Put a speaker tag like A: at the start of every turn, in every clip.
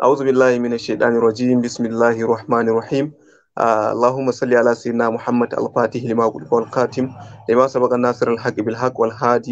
A: auzu mina shaidani rajim bismillahi rahmani rahim ah, allahumma salli ala sayyidina muhammad al-fatih lima qul qul qatim lima sabaka nasr al-haq bil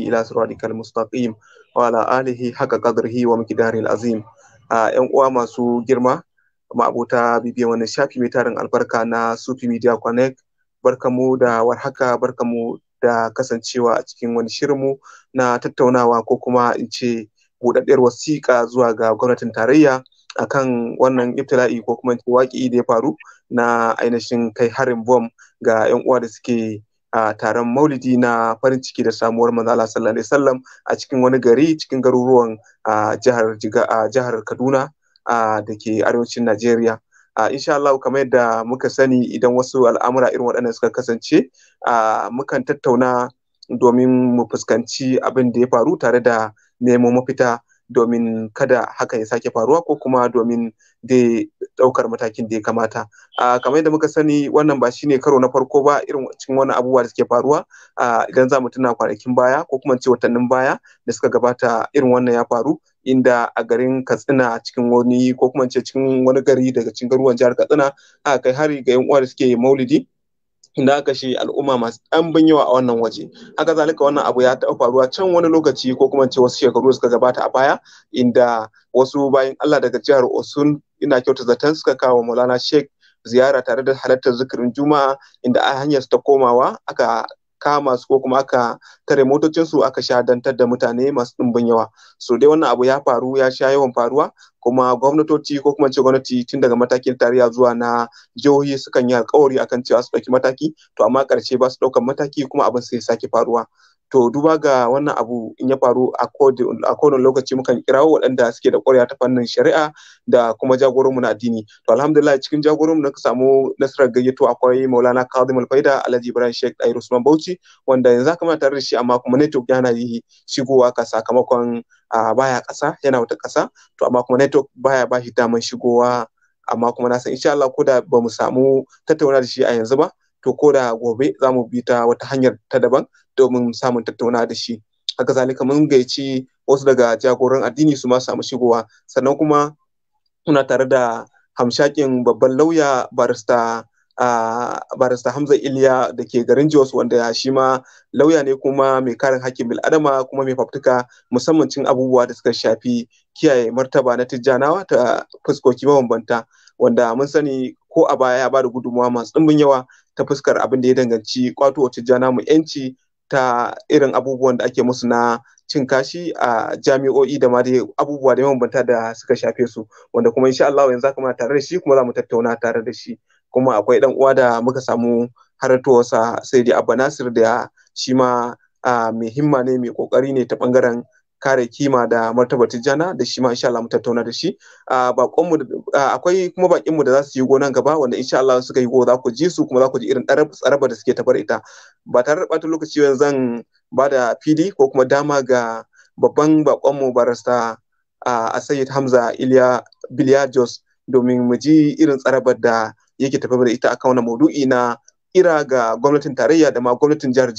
A: ila siratikal mustaqim wa ala alihi haqa qadrihi wa miqdari al-azim ah, yan uwa masu girma kuma abota bibi shafi mai albarka na sufi media connect barkamu da warhaka barkamu da kasancewa a cikin wani shirin mu na tattaunawa ko kuma in ce godaddiyar wasiƙa zuwa ga gwamnatin tarayya akan wannan iftila'i ko kuma waƙi da ya faru na ainihin kai harin bom ga 'yan uwa da suke a taron maulidi na farin ciki da samuwar manzala sallallahu alaihi wasallam a cikin wani gari cikin garuruwan jihar jihar kaduna da ke arewacin najeriya insha Allah kamar yadda muka sani idan wasu al'amura irin waɗannan suka kasance mukan tattauna domin mu fuskanci abin da ya faru tare da nemo mafita domin kada haka ya sake faruwa ko kuma domin da ɗaukar matakin da ya kamata uh, kamar yadda muka sani wannan ba shine karo na farko ba irin cikin wani abubuwa da suke faruwa uh, idan za mu tuna kwanakin baya ko kuma ce watannin baya da suka gabata irin wannan ya faru inda a garin katsina cikin wani ko kuma ce cikin wani gari daga cikin garuruwan jihar katsina aka kai hari ga yan uwa da suke maulidi inda aka shi al'umma masu ɗanbin yawa a wannan waje haka zalika wannan abu ya taɓa faruwa can wani lokaci ko kuma ce wasu shekaru suka gabata a baya inda wasu bayan Allah daga jihar Osun ina kyauta zaton suka kawo Maulana Sheikh ziyara tare da halartar zikirin Juma'a inda a hanyar su ta komawa aka kama su ko kuma aka tare motocinsu aka sha dantar da mutane masu ɗumbin yawa so dai wannan abu ya faru ya sha yawan faruwa kuma gwamnatoci ko kuma ce gwamnati tun daga matakin tarayya zuwa na jihohi sukan yi alkawari akan cewa su ɗauki mataki to amma ƙarshe ba su ɗaukan mataki kuma abin sai sake faruwa to duba ga wannan abu in ya faru a kowane lokaci mukan kirawo waɗanda suke da ƙwarewa ta fannin shari'a da kuma jagoranmu na addini to alhamdulillah cikin jagoranmu na samu nasarar gayyato akwai maulana kazim alfaida alhaji ibrahim sheikh ɗayi usman bauchi wanda yanzu aka muna tare da shi amma kuma network yana yi shigowa ka sakamakon baya ƙasa yana wata ƙasa to amma kuma network baya ba shi daman shigowa amma kuma na san insha Allah ko da ba mu samu tattauna da shi a yanzu ba to ko da gobe za mu bi ta wata hanyar ta daban domin samun tattauna da shi haka zalika mun gaici wasu daga jagoran addini su ma samu shigowa sannan kuma muna tare da hamshakin babban lauya barista Uh, barista Hamza Iliya da ke garin Jos wanda shi ma lauya ne kuma mai karin hakkin bil'adama kuma mai faftuka musamman cin abubuwa da suka shafi kiyaye martaba na tijjanawa ta fuskoki mabambanta wanda mun sani ko a baya ya bada gudunmawa masu ɗimbin yawa ta fuskar abin da ya danganci kwato wacce jana mu yanci ta irin abubuwan da ake musu na cin kashi a jami'o'i da ma dai abubuwa da banta da suka shafe su wanda kuma insha Allah yanzu kuma muna tare da shi kuma za mu tattauna tare da shi kuma akwai dan uwa da muka samu haratuwarsa sai dai Abba Nasir da shi ma ah, mai himma ne mai kokari ne ta bangaren kare kima da martaba tijjana da shi ma insha Allah mu tattauna da shi akwai kuma bakin mu da za su yi gonan gaba wanda insha Allah suka yi go za ku ji su kuma za ku ji irin tsaraba da suke tabar ita ba tare da ɓata lokaci yanzu zan ba da fili ko kuma dama ga babban bakonmu barasta a Sayyid Hamza Iliya Jos domin mu ji irin tsarabar da yake tafi da ita a wannan maudu'i na kira ga gwamnatin tarayya da ma gwamnatin jihar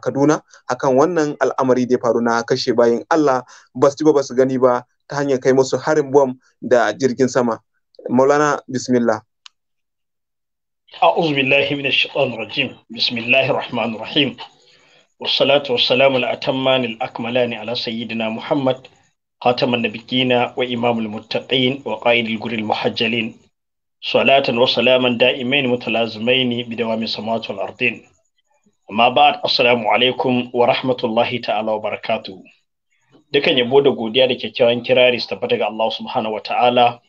A: Kaduna akan wannan al'amari da ya faru na kashe bayan Allah ba su ba su gani ba ta hanyar kai musu harin bom da jirgin sama. Maulana bismillah.
B: أعوذ بالله من الشيطان الرجيم بسم الله الرحمن الرحيم والصلاة والسلام الأتمان الأكملان على سيدنا محمد wa النبيين وإمام المتقين وقائد الجر المحجلين salatan wa salaman da'imain mutalazimaini samatu samatul ardin amma ba'ad assalamu alaikum wa rahmatullahi ta'ala wa barakatu dukan yabo da godiya da kyakkyawan kirari su tabbata ga Allah subhanahu wa ta'ala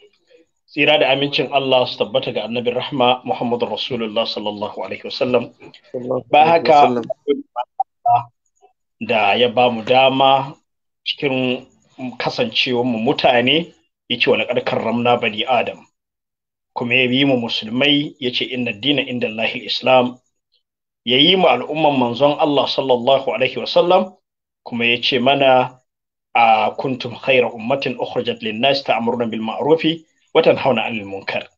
B: tsira da amincin Allah su tabbata ga annabin rahma Muhammadu Rasulullah sallallahu alaihi sallam ba haka da ya ba mu dama cikin kasancewa mu mutane yake wani karkar ramna bani adam kuma ya yi mu musulmai ya ce inna dina inda Allahi islam ya yi mu al'umman manzon Allah sallallahu alaihi wasallam kuma ya ce mana a kuntum khaira ummatin ukhrijat lin-nas ta'muruna bil watan wa tanhauna 'anil munkar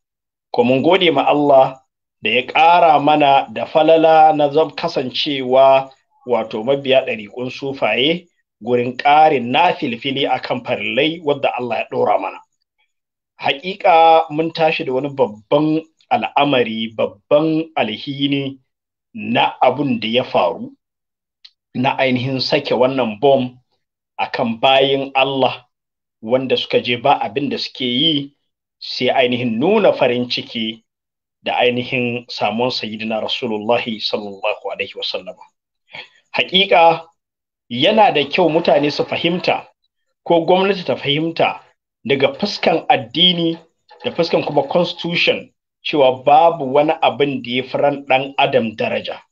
B: ko mun gode ma Allah da ya ƙara mana da falala na zab kasancewa wato mabiya ɗariƙun sufaye gurin ƙarin na filfili akan farillai wadda Allah ya ɗora mana haƙiƙa mun tashi da wani babban al'amari babban alhini na abun da ya faru na ainihin sake wannan bom a kan bayin Allah wanda suka je ba abin da suke yi sai ainihin nuna farin ciki da ainihin samun sayidina rasulullahi sallallahu alaihi wasallam haƙiƙa yana da kyau mutane su fahimta ko gwamnati ta fahimta daga fuskan addini da fuskan kuma constitution cewa babu wani abin da ya fi ran ɗan adam daraja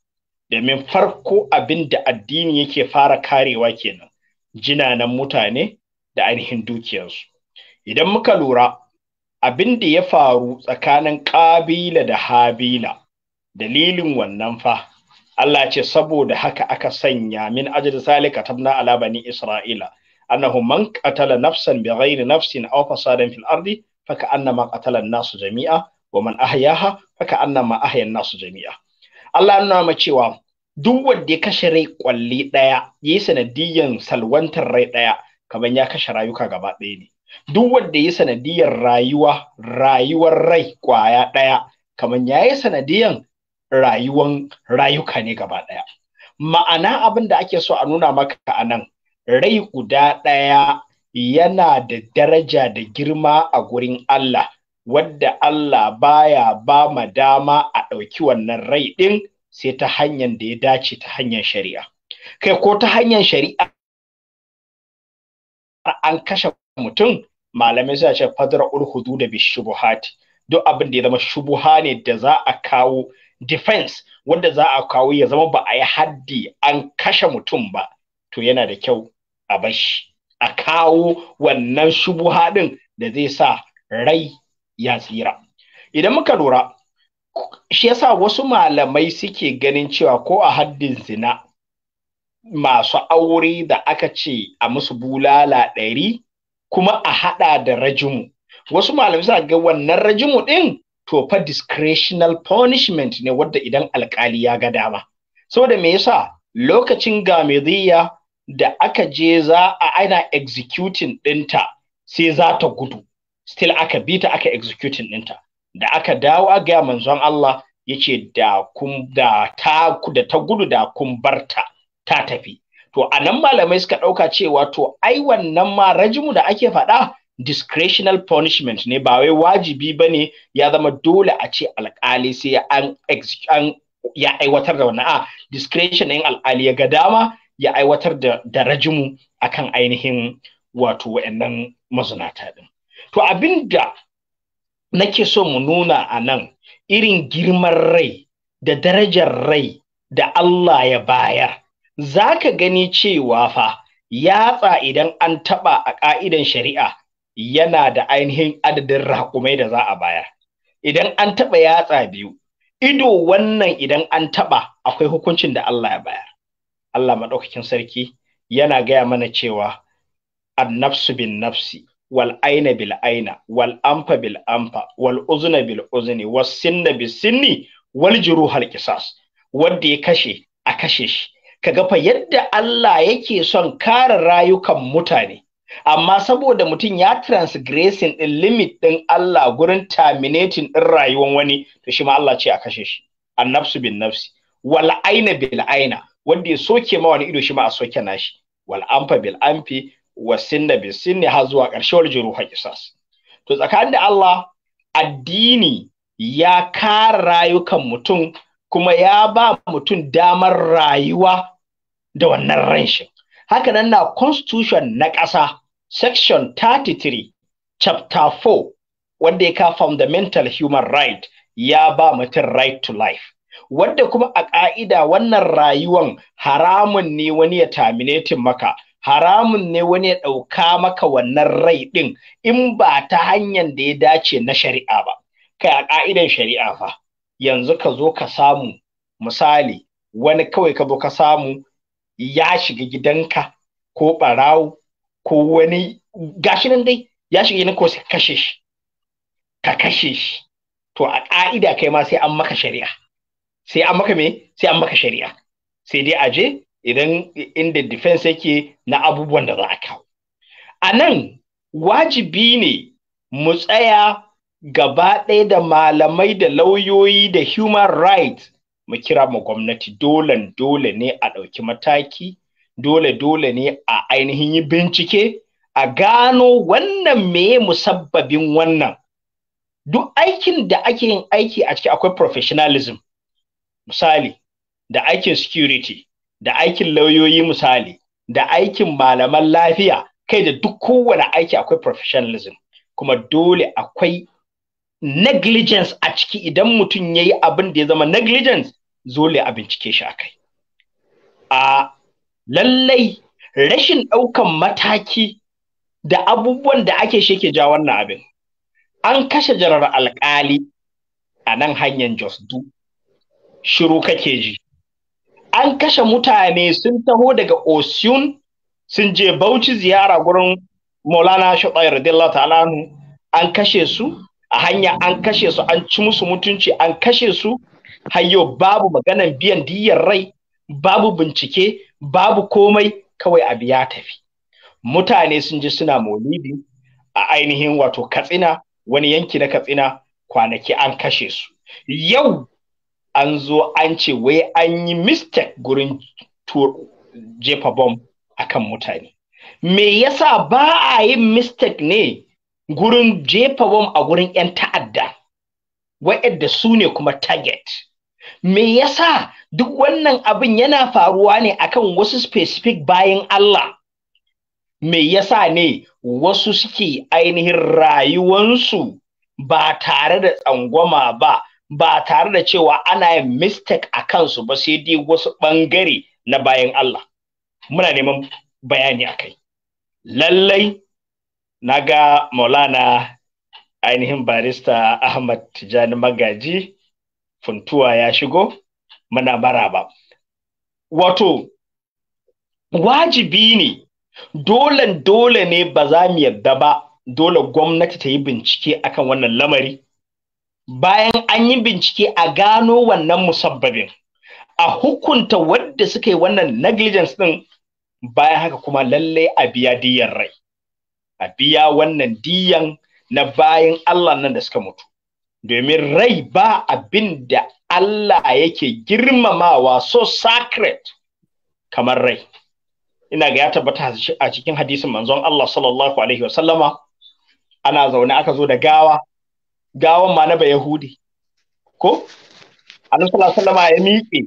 B: domin farko abin da addini yake fara karewa kenan jinanan mutane da ainihin dukiyarsu idan muka lura abin da ya faru tsakanin ƙabila da habila dalilin wannan fa Allah ce saboda haka aka sanya min ajin salika tabna ala bani isra'ila annahu man qatala nafsan bighairi nafsin aw fasadan fil ardi faka annama qatala nasu jami'a wa man ahyaha faka annama ahya nasu jami'a Allah ya nuna cewa duk wanda ya kashe rai ɗaya ya yi sanadiyyan salwantar rai ɗaya kaman ya kashe rayuka gaba ɗaya ne duk wanda ya sanadiyar rayuwa rayuwar rai kwaya ɗaya kaman ya yi sanadiyan rayuwan rayuka ne gaba ɗaya ma'ana abin da ake so a nuna maka a nan rai guda ɗaya yana da daraja da girma a gurin Allah wadda Allah baya ba ma dama a ɗauki wannan rai ɗin sai ta hanyar da ya dace ta hanyar shari'a kai ko ta hanyar shari'a an kashe mutum malamai suna ce fadar urhudu da bishubuhat duk abin da ya zama shubuha ne da za a kawo defense wanda za a kawo ya zama ba a yi haddi an kashe mutum ba to yana da kyau a bashi a kawo wannan shubuha ɗin da zai sa rai ya tsira idan muka lura shi yasa wasu malamai suke ganin cewa ko a haddin zina masu aure da aka ce a musu bulala ɗari kuma a haɗa da rajimu wasu malamai suna ga wannan rajimu ɗin to fa discretional punishment ne wadda idan alƙali ya ga dama saboda me yasa lokacin gamidiyya da aka je za a ana executing ɗinta sai za ta gudu still aka bi ta aka executing ɗinta da aka dawo a gaya manzon Allah yace ce da da ta da ta gudu da kun barta ta tafi to a nan malamai suka ɗauka cewa to ai wannan ma rajimu da ake faɗa discretional punishment ne ba wai wajibi ba ne ya zama dole a ce alƙali sai an ya aiwatar da wannan a discretion ɗin alƙali ya ga dama ya aiwatar da da rajimu akan ainihin wato wa'annan mazunata din to abinda nake so mu nuna a nan irin girman rai da darajar rai da Allah ya bayar za ka gani cewa fa yatsa idan an taɓa a ka'idan shari'a yana da ainihin adadin raƙumai da za a bayar idan an taɓa yatsa biyu ido wannan idan an taɓa akwai hukuncin da Allah ya bayar Allah maɗaukakin sarki yana gaya mana cewa annafsu bin nafsi wal aina bil aina wal amfa bil amfa wal uzna bil uzni was sinna bis sinni wal juruhal qisas wanda ya kashe a kashe shi kaga fa yadda Allah yake son kare rayukan mutane amma saboda mutum ya transgressing din limit din Allah gurin terminating din rayuwar wani to shi ma Allah ce a kashe shi annafsu bin nafsi wal aina bil aina wanda ya soke ma wani ido shi ma a soke nashi wal amfa bil amfi wasinna bil sinni har zuwa ƙarshe wal juruha kisas. to tsakanin da Allah addini ya kare rayukan mutum kuma ya ba mutum damar rayuwa da wannan ranshin haka nan na constitution na ƙasa section 33 chapter 4 wanda ya ka fundamental human right ya ba mutum right to life wadda kuma a ƙa'ida wannan rayuwan haramun ne wani ya terminating maka haramun ne wani ya ɗauka maka wannan rai ɗin in ba ta hanyar da ya dace na shari'a ba kai a ƙa'idan shari'a fa yanzu ka zo ka samu misali wani kawai ka zo ka samu ya shiga gidanka ko ɓarawo ko wani gashi nan dai ya shiga gidanka ko kashe shi ka kashe shi to a ƙa'ida kai ma sai an maka shari'a sai an maka me sai an maka shari'a sai dai a je idan inda defense yake na abubuwan da za a kawo a nan wajibi ne mu tsaya gaba ɗaya da malamai da lauyoyi da human rights mu kira mu gwamnati dole dole ne a ɗauki mataki dole dole ne a ainihin yi bincike a gano wannan meye musabbabin wannan duk aikin da ake yin aiki a ciki akwai professionalism misali da aikin security da aikin lauyoyi misali da aikin malaman lafiya kai da duk kowane aiki akwai professionalism kuma dole akwai negligence a ciki idan mutum ya yi abin da ya zama negligence zole a bincike shi a kai a lallai rashin ɗaukan mataki da abubuwan da ake shi ke ja wannan abin an kashe jarar alkali a nan hanyar jos du shiru kake ji an kashe mutane sun taho daga osun sun je bauchi ziyara gurin maulana shaɗai radiyallahu ta'ala an kashe su a hanya an kashe su an ci musu mutunci an kashe su hayo babu maganan biyan diyyar rai babu bincike babu komai kawai abu ya tafi mutane sun ji suna maulidi a ainihin wato katsina wani yanki na katsina kwanaki an kashe su yau an zo an ce wai an yi mistake gurin jefa bom kan mutane me yasa ba a yi mistake ne gurin jefa bom a gurin 'yan ta'adda wa'yadda su ne kuma target me yasa duk wannan abin yana faruwa ne akan wasu specific bayan Allah me yasa ne wasu suke ainihin rayuwansu ba tare da tsangwama ba ba tare da cewa ana yin mistake a kansu ba sai dai wasu ɓangare na bayan Allah muna neman bayani a kai lallai na ga maulana ainihin barista Ahmad Tijani Magaji funtuwa ya shigo muna ba. wato wajibi ne dolen dole ne ba za mu yadda ba dole gwamnati ta yi bincike akan wannan lamari bayan an yi bincike a gano wannan musabbabin a hukunta wadda suka yi wannan negligence din bayan haka kuma lallai a biya diyan rai a biya wannan diyan na bayan Allah nan da suka mutu domin rai ba abin da Allah yake girmamawa so sacred kamar rai ina ga ya tabbata a cikin hadisin manzon Allah sallallahu alaihi wasallama ana zaune aka zo da gawa gawan ma na ba Yahudi. Ko? Annabi sallallahu alaihi wasallam ya miƙe.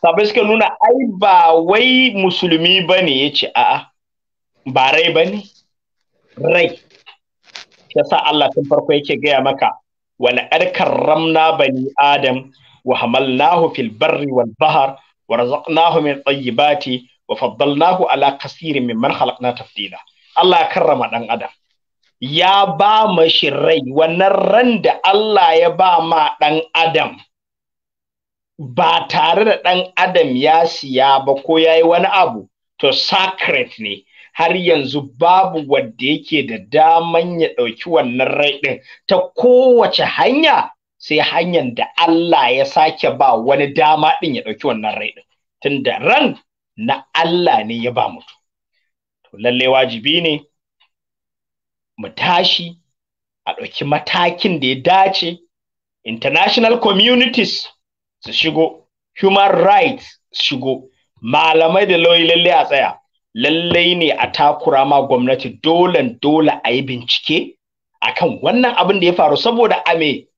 B: Sabai suka nuna ai ba wai musulmi bane yace a'a. Ba rai bane. Rai. Yasa Allah tun farko yake gaya maka wala karramna bani Adam wa hamalnahu fil barri wal bahar, wa razaqnahu min tayyibati wa faddalnahu ala kasirin mimman khalaqna tafdila. Allah ya karrama ɗan Adam. ya ba mashi rai wannan ran da Allah ya ba ma ɗan adam ba tare da ɗan adam ya siya ba ko ya yi wani abu to sacred ne har yanzu babu wadda yake da daman ya ɗauki wannan rai ɗin ta kowace hanya sai hanyar da Allah ya sake ba wani dama ɗin ya ɗauki wannan rai ɗin tunda ran na Allah ne ya ba mutu to lallai wajibi ne mu tashi a ɗauki matakin da ya dace international communities su shigo human rights shigo malamai da lauyi lalle a tsaya lallai ne a takura ma gwamnati dole dole a yi bincike akan wannan abin da ya faru saboda a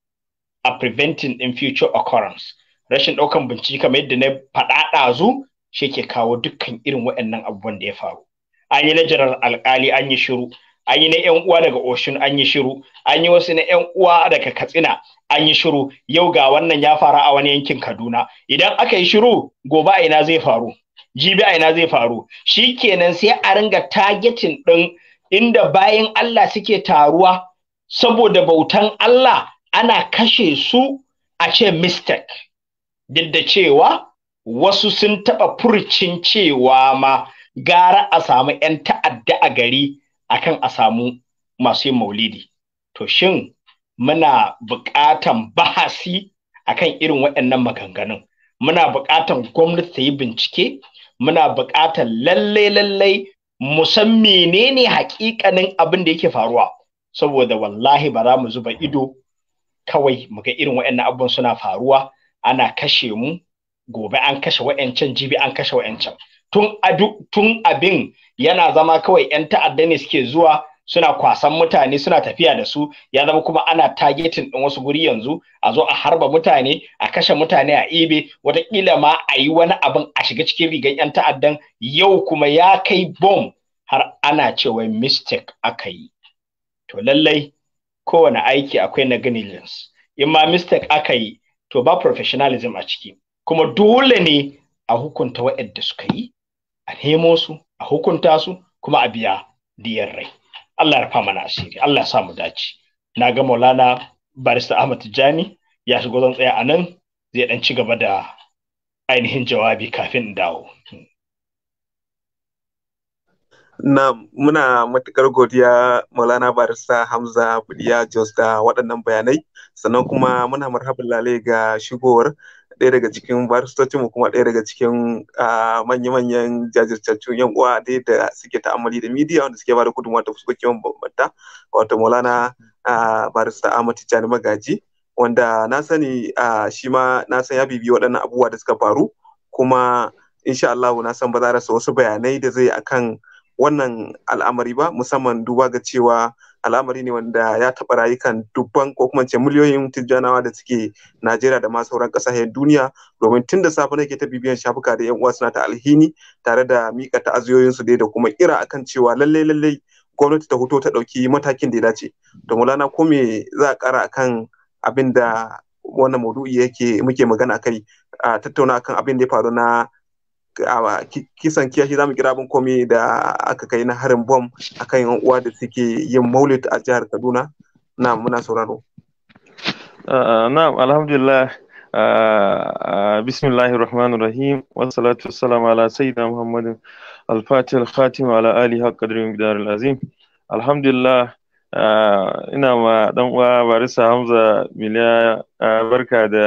B: a preventing in future occurrence rashin ɗaukan bincike kamar yadda na faɗa ɗazu shi ke kawo dukkan irin waɗannan abubuwan da ya faru an yi na jiran alƙali an yi shiru an yi na yan uwa daga oshun an yi shiru an yi wasu na yan uwa daga katsina an yi shiru yau ga wannan ya faru a wani yankin kaduna idan aka yi shiru gobe a ina zai faru jibi a ina zai faru Shi kenan sai a ringa targetin ɗin inda bayan Allah suke taruwa saboda bautan Allah ana kashe su a ce mistake duk da cewa wasu sun taɓa furcin cewa ma gara a samu 'yan ta'adda a gari akan a samu masu yin maulidi to shin muna buƙatan bahasi akan irin waɗannan maganganun muna buƙatan gwamnati ta yi bincike muna buƙatan lallai-lallai mu san menene haƙiƙanin abin da yake faruwa saboda wallahi ba za mu zuba ido kawai mu ga irin waɗannan abubuwan suna faruwa ana kashe mu gobe an kashe waɗancan jibi an kashe waɗancan tun abin yana zama kawai yan ta'adda ne suke zuwa suna kwasan mutane suna tafiya da su ya zama kuma ana tagetin din wasu guri yanzu a zo a harba mutane a kashe mutane a ibe watakila ma a yi wani abin a shiga cikin rigar yan ta'addan yau kuma ya kai bom har ana cewa mistake aka yi to lallai kowane aiki akwai negligence in ma mistake aka yi to ba professionalism a ciki kuma dole ne a hukunta waɗanda suka yi a nemo su a hukunta su kuma a biya diyar rai Allah ya rufa mana asiri Allah ya sa mu dace na ga Maulana Barista Ahmad Tijani ya shigo zan tsaya a nan zai dan ci gaba da ainihin jawabi kafin in dawo
A: na muna matukar godiya Maulana Barista Hamza Budiya Jos da waɗannan bayanai sannan kuma muna marhaban lalai ga shigowar ɗaya daga cikin baristocin mu kuma ɗaya daga cikin manya-manyan jajirtaccen yan uwa da da suke ta'ammali da midiya. wanda suke bada gudunmawa ta fuskoki bambanta wato Maulana barista Ahmad Tijjani Magaji wanda na sani shi ma na san ya bibiyi waɗannan abubuwa da suka faru kuma insha Allah na san ba za rasa wasu bayanai da zai akan wannan al'amari ba musamman duba ga cewa al'amari ne wanda ya taɓa rayukan dubban ko kuma ce miliyoyin tijjanawa da suke Najeriya da ma sauran ƙasashen duniya domin tun da safe nake ta bibiyan shafuka da yan uwa suna ta alhini tare da mika ta'aziyoyinsu dai da kuma kira akan cewa lallai lallai gwamnati ta huto ta ɗauki matakin da ya dace to mulana ko me za a ƙara akan abin da wannan maudu'i yake muke magana a a tattauna akan abin da ya faru na kisan kiyashi zamu kira abin komi da aka kai na harin bom akan yan uwa da suke yin maulid a jihar kaduna na muna sauraro
C: ah, ah, na alhamdulillah ah, bismillahi rahmanir rahim wassalatu wassalamu ala sayyidina muhammadin al-fatih al-khatim ala ali haqqadrin bidar al-azim alhamdulillah ina ma dan uwa barisa hamza miliya barka da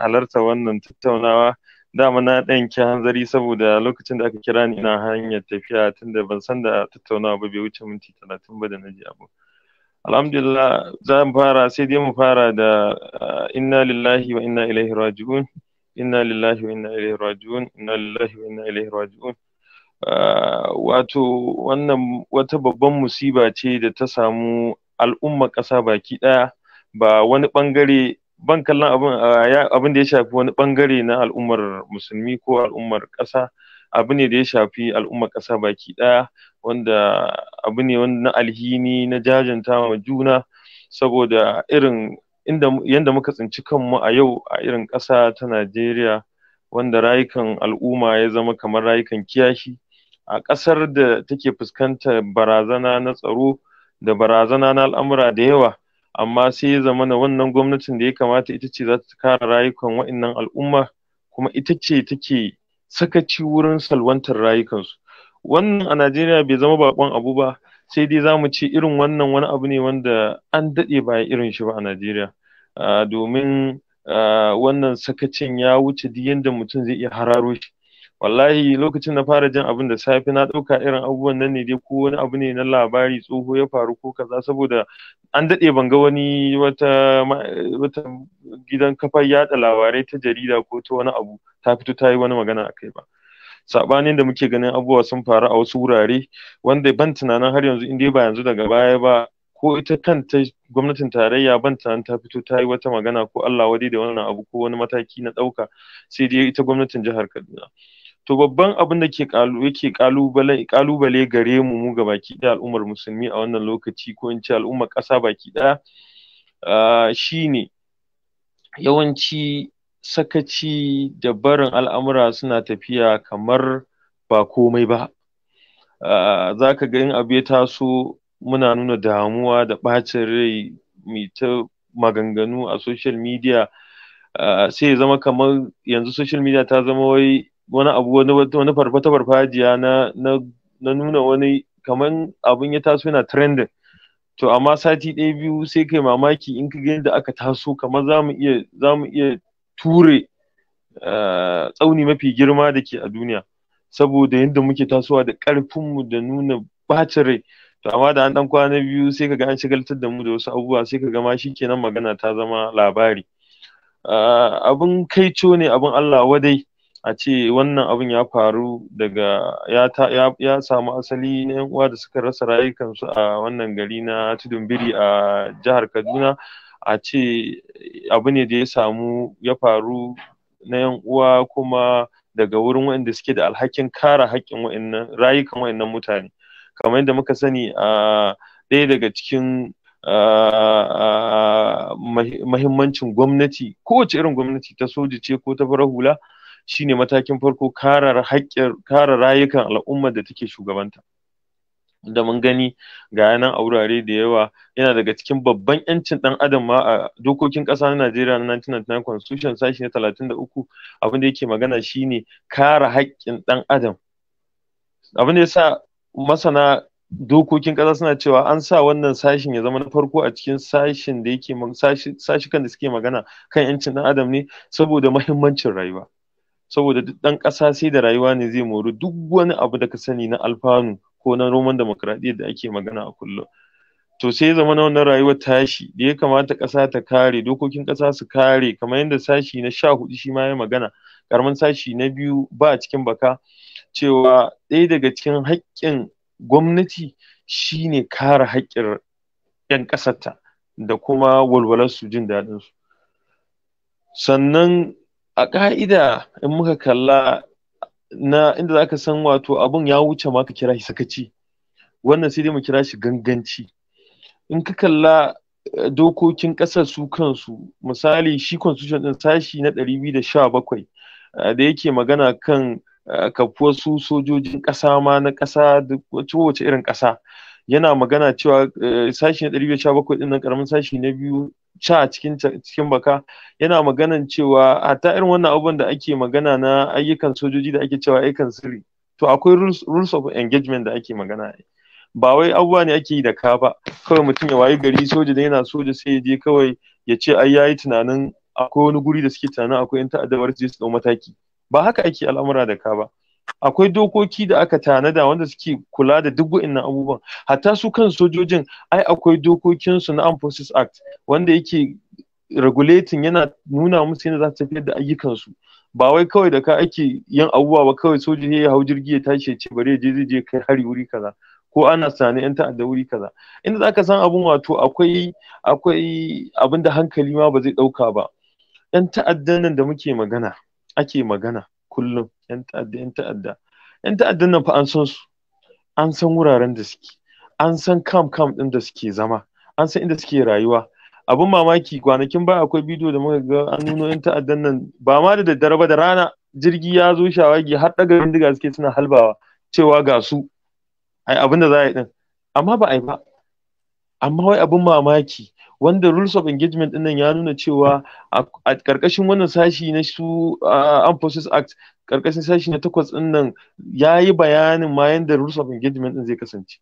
C: halarta wannan tattaunawa dama na ɗan ki hanzari saboda lokacin da aka kira ni na hanyar tafiya tunda ban san da tattaunawa ba bai wuce minti talatin ba da na ji abu alhamdulillah za mu fara sai dai mu fara da ah, inna lillahi wa inna ilaihi raji'un inna lillahi wa inna ilaihi raji'un inna lillahi wa inna ilaihi raji'un ah, wato wannan wata babban musiba ce da ta samu al'umma ƙasa baki ɗaya ba wani ɓangare ban kallon abin da ya shafi wani bangare na al'ummar musulmi ko al'ummar ƙasa abu ne da ya shafi al'ummar ƙasa baki ɗaya wanda abu ne na alhini na jajanta wa juna saboda irin inda muka tsinci kanmu a yau a irin ƙasa ta Najeriya wanda rayukan al'umma ya zama kamar rayukan kiyashi a ƙasar da take fuskantar barazana na tsaro da barazana na al'amura da yawa amma sai ya zama na wannan gwamnatin da ya kamata ita ce za ta kara rayukan wa'innan al'umma kuma ita ce take sakaci wurin salwantar rayukansu wannan a Najeriya bai zama bakon abu ba sai dai za mu ce irin wannan wani abu ne wanda an daɗe ba irin shi ba a Najeriya ah, domin ah, wannan sakacin ya wuce duk yadda mutum zai iya hararo shi wallahi lokacin na fara jin abin da safe na ɗauka irin abubuwan nan ne dai ko wani abu ne na labari tsoho ya faru ko kaza saboda an daɗe ban ga wani wata wata gidan kafar yaɗa labarai ta jarida ko ta wani abu ta fito ta yi wani magana a kai ba saɓanin da muke ganin abubuwa sun faru a wasu wurare wanda ban tunanin har yanzu in dai ba yanzu daga baya ba ko ita kanta gwamnatin tarayya ban tunanin ta fito ta yi wata magana ko Allah wadai da wannan abu ko wani mataki na ɗauka sai dai ita gwamnatin jihar Kaduna. to babban abin da ke yake kalubale gare mu mu ga baki da al'ummar musulmi a wannan lokaci ko in ce al'ummar ƙasa baki ɗaya shine yawanci sakaci da barin al'amura suna tafiya kamar ba komai ba za ka ga in abu ya taso muna nuna damuwa da ɓacin rai mai ta maganganu a social media sai ya zama kamar yanzu social media ta zama wai wani abu wani wani farfata farfajiya na na na nuna wani kaman abun ya taso yana trending to amma sati ɗaya biyu sai kai mamaki in ka yadda aka taso kamar za mu iya za mu iya ture eh, tsauni mafi girma da ke a duniya saboda yadda muke tasowa da ƙarfinmu da nuna bacin rai to amma da an ɗan kwana biyu sai kaga an shigaltar da mu da wasu abubuwa sai kaga ma kenan magana ta zama labari eh, abun kaico ne abun Allah wadai a ce wannan abin ya faru daga ya samu asali na yan uwa da suka rasa rayukansu a wannan gari na tudun biri a jihar kaduna a ce abu ne da ya samu ya faru na yan uwa kuma daga wurin waɗanda suke da alhakin kare haƙƙin rayukan waɗannan mutane kamar yadda muka sani a ɗaya daga cikin mahimmancin gwamnati kowace irin gwamnati ta soji ce ko ta farar hula shine matakin farko kare rayukan al'ummar da take shugabanta da mun gani ga nan a wurare da yawa yana daga cikin babban yancin dan adam ma a dokokin ƙasa na Najeriya na 1999 constitution sashi na 33 abin da yake magana shine kare haƙƙin dan adam abin yasa masana dokokin ƙasa suna cewa an sa wannan sashin ya zama na farko a cikin sashin da yake sashikan da suke magana kan yancin ɗan adam ne saboda mahimmancin rayuwa saboda duk ɗan ƙasa sai da rayuwa ne zai mori duk wani abu da ka sani na alfanu ko na roman demokradiyyar da ake magana a kullum to sai zama na wannan rayuwar tashi da ya kamata ƙasa ta kare dokokin ƙasa su kare kamar yadda sashi na sha hudu shi ma ya magana ƙaramin sashi na biyu ba a cikin baka cewa ɗaya daga cikin haƙƙin gwamnati shine kare haƙƙin 'yan ƙasarta da kuma su jin daɗinsu sannan a ƙa'ida in muka kalla na inda za ka san wato abun ya wuce ma ka kira shi sakaci wannan sai dai mu kira shi ganganci in ka kalla eh, dokokin ƙasar su kansu misali shi constitution ɗin sashi na 217 da eh, da yake magana kan eh, kafuwar su sojojin ƙasa ma na ƙasa duk irin ƙasa yana magana cewa eh, sashi na 117 din nan karamin sashi na biyu sha cikin cikin baka yana maganan cewa hatta irin wannan abubuwan da ake magana na ayyukan sojoji da ake cewa ayyukan sirri to akwai rules of engagement da ake magana ba wai abubuwa ne ake yi da ka ba kawai mutum ya wayi gari soja da yana soja sai ya je kawai ya ce ai yayi tunanin akwai wani guri da suke tunanin akwai yan ta'adda su je su mataki ba haka ake al'amura da ka ba akwai dokoki da aka tanada wanda suke kula da duk wa'innan abubuwan hatta su kan sojojin ai akwai dokokinsu na Armed Forces Act wanda yake regulating yana nuna musu yadda za su tafiyar da ayyukansu ba wai kawai da ka ake yin abubuwa ba kawai soji ya hau jirgi ya tashi ya ce bare je zai je kai hari wuri kaza ko ana sani yan ta'adda wuri kaza inda za ka san abun wato akwai akwai abin da hankali ma ba zai ɗauka ba yan ta'addan nan da muke magana ake magana kullum yan ta'adda yan ta'adda yan ta'addan nan fa an san su an san wuraren da suke an san kam kam din da suke zama an san inda suke rayuwa abin mamaki kwanakin ba akwai bidiyo da muka ga an nuno yan ta'addan nan ba ma da daddare ba da rana jirgi ya zo shawagi har daga bindiga suke suna halbawa cewa ga su ai abin za a yi din amma ba a yi ba amma wai abin mamaki wanda rules of engagement dinnan ya nuna cewa a ƙarƙashin wannan sashi na su Armed Forces Act ƙarƙashin sashi na takwas dinnan ya yi bayanin ma yadda rules of engagement ɗin zai kasance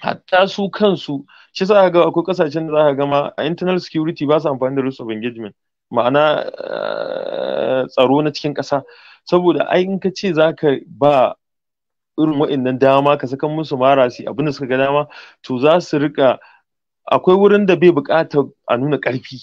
C: hatta su kansu shi za ga akwai kasashen da za ga ma a internal security ba su amfani da rules of engagement ma'ana eh, tsaro na cikin ƙasa saboda ai in ka ce za ka ba irin nan dama ka saka musu mara su abin da suka ga dama to za su rika akwai wurin da bai buƙatar a nuna ƙarfi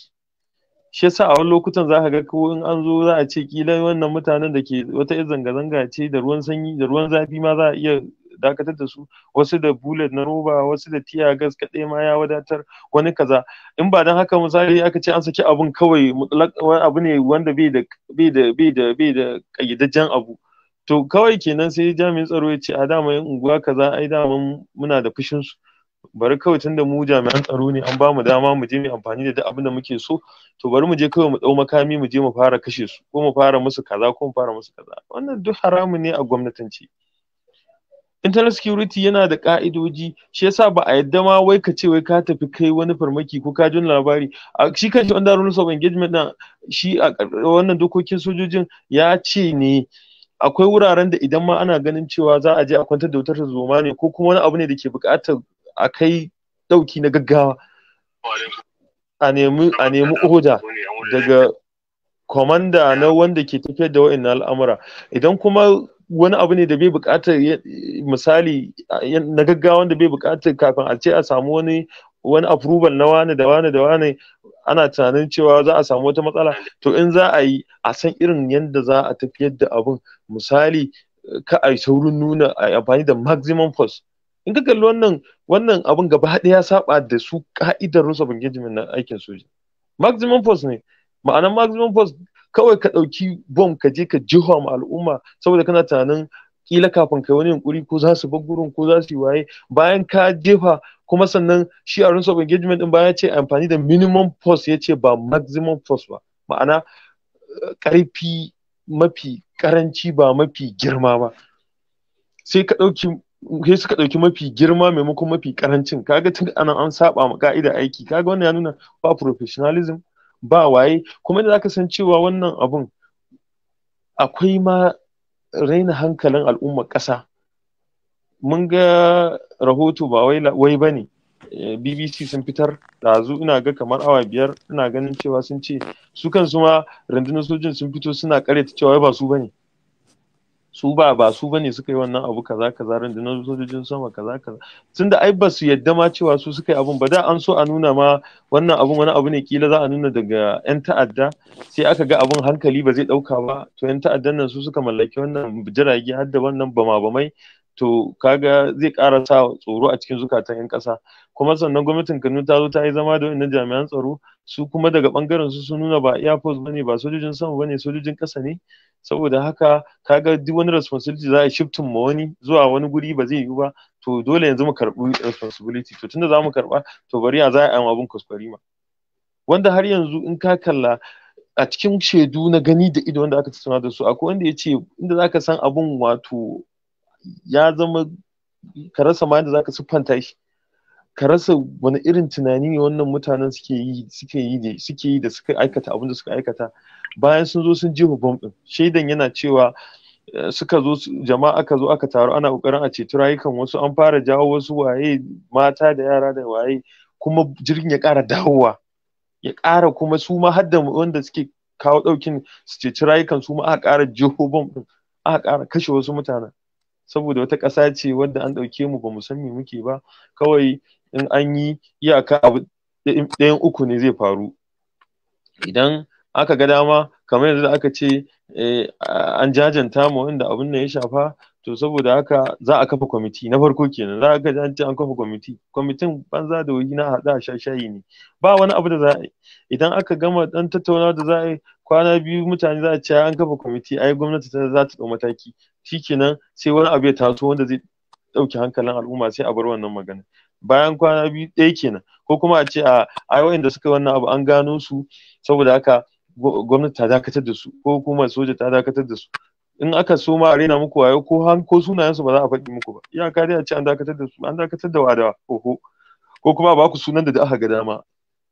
C: shi yasa a wani lokutan za ka ga ko in an zo za a ce kila wannan mutanen da ke wata irin zanga-zanga ce da ruwan sanyi da ruwan zafi ma za a iya dakatar da su wasu da bullet na roba wasu da tiya gas kaɗai ma ya wadatar wani kaza in ba don haka misali aka ce an saki abun kawai wani abu ne wanda bai da bai da bai da bai da ƙayyadajjen abu to kawai kenan sai jami'in tsaro ya ce a dama yan unguwa kaza ai dama muna da fushin su bari kawai tunda mu jami'an tsaro ne an bamu dama mu je mu amfani da duk abin da muke so to bari mu je kawai mu dau makami mu je mu fara kashe su ko mu fara musu kaza ko mu fara musu kaza wannan duk haramu ne a gwamnatance internal security yana da ka'idoji shi yasa ba a yadda ma wai ka ce wai ka tafi kai wani farmaki ko ka ji labari shi kanshi under rules of engagement din shi a wannan dokokin sojojin ya ce ne akwai wuraren da idan ma ana ganin cewa za a je a kwantar da wutar zoma ne ko kuma wani abu ne da ke buƙatar a kai ɗauki na gaggawa a nemi a nemi oda daga komanda na wanda ke tafiyar da wa'in al'amura idan kuma wani abu ne da bai bukatar misali na gaggawa wanda bai bukatar kafin a ce a samu wani wani approval na wani da wani da wani ana tunanin cewa za a samu wata matsala to in za a yi a san irin yadda za a tafiyar da abin misali ka a yi saurin nuna a amfani da maximum force in ka kalli wannan wannan abun gaba ɗaya ya saba da su ka'idar rules of engagement na aikin soja maximum force ne ma'anar maximum force kawai ka ɗauki bom ka je ka jiho ma al'umma saboda kana tunanin kila kafin kai wani yunkuri ko za su bar gurin ko za su yi waye bayan ka jefa kuma sannan shi a of engagement din bayan ce amfani da minimum force ya ce ba maximum force ba ma'ana karfi eh, mafi karanci ba mafi girma ba sai ka ɗauki kai suka ɗauki mafi girma maimakon mafi karancin kaga tun anan an saba ma ka'ida aiki kaga wannan ya nuna ba professionalism ba waye kuma da zaka san cewa wannan abun akwai ma raina hankalin al'ummar ƙasa mun ga rahoto ba wai wai bane eh, BBC sun fitar ɗazu ina ga kamar awa biyar ina ganin cewa sun ce su kansu ma rundunar sojin sun fito suna karyata cewa ba su bane su ba ba su bane suka yi wannan abu kaza kaza rundunar sojojin sama kaza kaza tunda ai ba su yadda ma cewa su suka yi abun ba da an so a nuna ma wannan abun wani abu ne kila za a nuna daga yan ta'adda sai aka ga abun hankali ba zai dauka ba to yan ta'addan nan su suka mallaki wannan jirage har da wannan bama bamai to kaga zai ƙara sa tsoro a cikin zukatan 'yan ƙasa kuma sannan gwamnatin Kano ta zo ta yi zama da wannan jami'an tsaro su kuma daga ɓangaren su sun nuna ba air force bane ba sojojin sama bane sojojin ƙasa ne saboda haka kaga duk wani responsibility za a shiftin ma wani zuwa wani guri ba zai yiwu ba to dole yanzu mu karɓi responsibility to tunda zamu mu karɓa to bari a za a yi abin kuskure ma wanda har yanzu in ka kalla a cikin shaidu na gani da ido wanda aka tattauna da su akwai wanda ya ce inda za ka san abun wato ya zama ka rasa ma yadda zaka siffanta shi ka rasa wani irin tunani ne wannan mutanen suke yi suke da suka aikata abin suka aikata bayan sun zo sun jefa bom din shaidan yana cewa eh, suka zo jama'a aka zo aka taru ana kokarin a ceto rayukan wasu an fara jawo wasu waye mata da yara da waye kuma jirgin ya ƙara dawowa ya ƙara kuma su ma hadda wanda suke kawo ɗaukin su ceci rayukan su ma aka ƙara jeho bom din aka ƙara kashe wasu mutanen saboda wata ƙasa ce wadda an ɗauke mu ba mu san me muke ba kawai in an yi iyaka abu ɗayan uku ne zai faru idan aka ga dama kamar yanzu da aka ce eh, an jajanta ma wanda abin nan ya shafa to saboda haka za a kafa kwamiti na farko kenan za a ga an ce an kafa kwamiti kwamitin banza da wuri na haɗa sha shayi ne ba wani abu da za a yi idan aka gama dan tattaunawa da za a yi kwana biyu mutane za a ce an kafa kwamiti ai gwamnati ta za ta ɗau mataki shikenan sai wani abu ya taso wanda zai ɗauke hankalin al'umma sai a bar wannan magana bayan kwana biyu ɗaya kenan ko kuma a ce a ai da suka wannan abu an gano su saboda haka gwamnati ta dakatar da su ko kuma soja ta dakatar da su in aka so ma a rena muku wayo ko han ko sunayen su ba za a faɗi muku ba iyaka dai a ce an dakatar da su an dakatar da wadawa oho ko kuma ba ku sunan da aka ga dama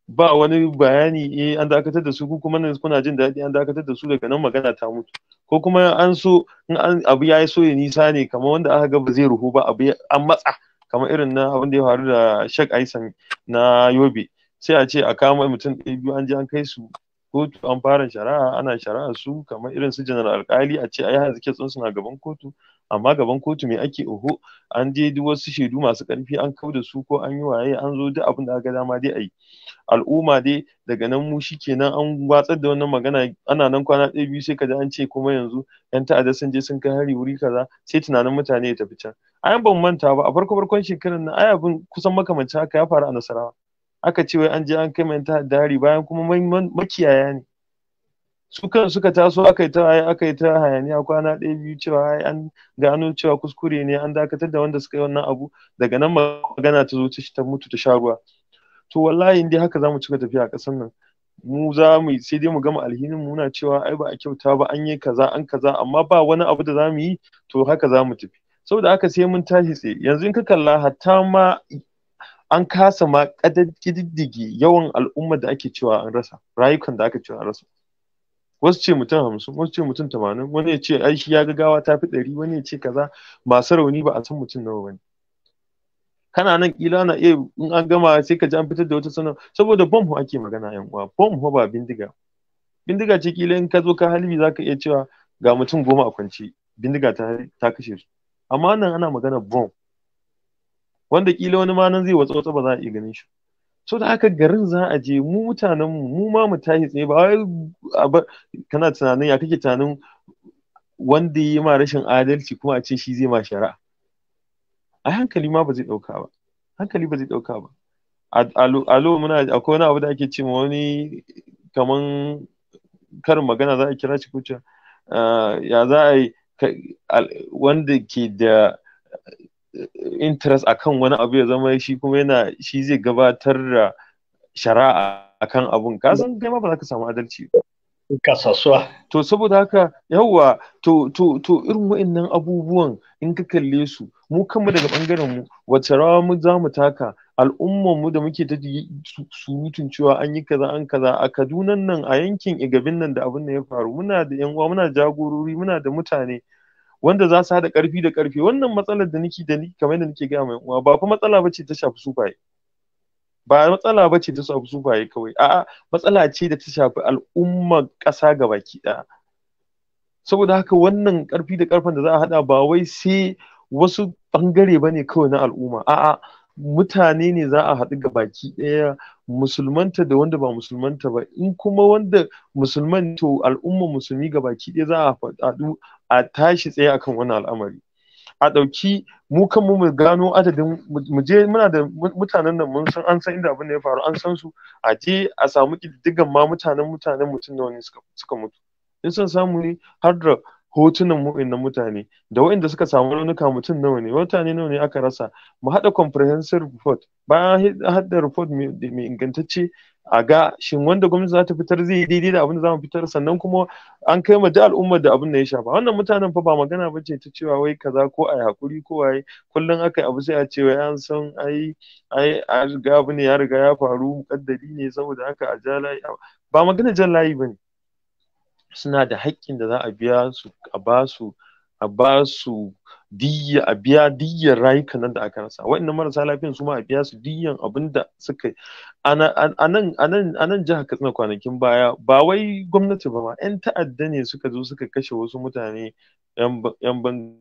C: ba wani bayani eh an dakatar da su ko kuma nan kuna jin daɗi an dakatar da su daga nan magana ta mutu ko kuma an so in an abu ya so ya nisa ne kamar wanda aka ga ba zai ruhu ba abu an matsa kamar irin na abin da ya faru da Sheikh Aisan na Yobe sai a ce a kama mutum ɗaya biyu an je an kai su kotu an fara shari'a ana shari'a su kamar irin su janar alkali a ce a yi ai ke kitsin na gaban kotu amma gaban kotu mai ake oho an je duk wasu shaidu masu ƙarfi an kau da su ko an yi waye an zo duk abin da aka dama dai a yi al'umma dai daga nan mu kenan an watsar da wannan magana ana nan kwana ɗaya biyu sai kada an ce kuma yanzu yan ta'adda sun je sun kai hari wuri kaza sai tunanin mutane ya tafi can ai ban manta ba a farko farkon shekarar nan ai abin kusan makamancin haka ya faru a Nasarawa aka ce wai an je an kai mai ta'adda hari bayan kuma makiyaya ne suka da suka taso aka yi ta aka yi ta hayaniya kwana ɗaya biyu cewa ai an gano cewa kuskure ne an dakatar da wanda suka yi wannan abu daga nan magana ta zo ta ta mutu ta sha ruwa to wallahi inda haka zamu cika tafiya a ƙasar nan mu za mu sai dai mu gama alhinin muna cewa ai ba a kyauta ba an yi kaza an kaza amma ba wani abu da zamu yi to haka zamu tafi saboda haka sai mun tashi tsaye yanzu in ka kalla hatta ma an kasa ma kididdige yawan al'ummar da ake cewa an rasa rayukan da aka cewa an rasa wasu ce mutum hamsin wasu ce mutum tamanin wani ya ce ai shi ya gawa ta fi ɗari wani ya ce kaza masu rauni ba a san mutum nawa ba ne kana nan kila na iya in an gama sai ka ji an fitar da wata sanar saboda bom ake magana yan uwa bom ba bindiga bindiga ce kila in ka zo ka za ka iya cewa ga mutum goma a kwance bindiga ta, ta kashe su amma nan ana magana bom wanda kila wani ma nan zai watsa watsa ba za a iya ganin shi so da haka garin za a je mu mutanen mu ma mu tashi tsaye ba kana tunanin ya kake tunanin wanda ya yi ma rashin adalci kuma a ce shi zai ma shari'a a hankali ma ba zai ɗauka ba hankali ba zai ɗauka ba lo muna akwai wani abu da ake ce wani kaman karin magana za a kira shi kuce eh, ya za a yi wanda ke da interest akan wani abu ya zama shi kuma yana shi zai gabatar da shari'a akan abun ka san kai ma ba za ka samu adalci ba sasuwa to saboda haka yawwa to to to irin wa'annan abubuwan in ka kalle su mu kanmu daga bangaren mu wace rawa mu za mu taka al'ummar mu da muke ta surutun cewa an yi kaza an kaza a Kaduna nan a yankin Igabin nan da abin da ya faru muna da yan uwa muna jagorori muna da mutane wanda za su haɗa ƙarfi da ƙarfe wannan matsalar da nake da ni kamar da nake gaya mai uwa ba fa matsala bace ta shafi sufaye ba matsala bace ta shafi sufaye kawai a'a matsala ce da ta shafi al'umma ƙasa gabaki ɗaya saboda haka wannan ƙarfi da ƙarfen da za a haɗa ba wai sai wasu ɓangare ba ne kawai na al'umma a'a mutane ne za a haɗu gabaki ɗaya musulmanta da wanda ba musulmanta ba in kuma wanda musulman to al'umma musulmi ga baki ɗaya za a faɗaɗu a tashi tsaye akan wani al'amari a ɗauki mu kanmu mu gano adadin mu je muna da mutanen nan mun san an san inda abin da ya faru an san su a je a samu ƙididdigan ma mutanen mutanen mutum da wani suka mutu in son samu ne har da hotunan wa'annan mutane da wa'anda suka samu raunuka mutum nawa ne mutane nawa ne aka rasa mu haɗa comprehensive report bayan haɗa report mai ingantacce a ga shin wanda gwamnati za ta fitar zai daidai da abin da za mu fitar sannan kuma an kai ma da al'ummar da abin da ya shafa wannan mutanen fa ba magana ba ce ta cewa wai kaza ko a hakuri ko waye? kullum aka yi abu sai a ce wai an san ai ai a riga ne ya riga ya faru mukaddari ne saboda haka a ja layi ba magana jan layi bane suna da haƙƙin da za a biya su a ba su a ba su diyya a biya diyyar rayukan nan da aka rasa wa'annan marasa lafiyan su ma a biya su diyyan abin da suka a nan jihar katsina kwanakin baya ba wai gwamnati ba ma 'yan ta'adda ne suka zo suka kashe wasu mutane 'yan ban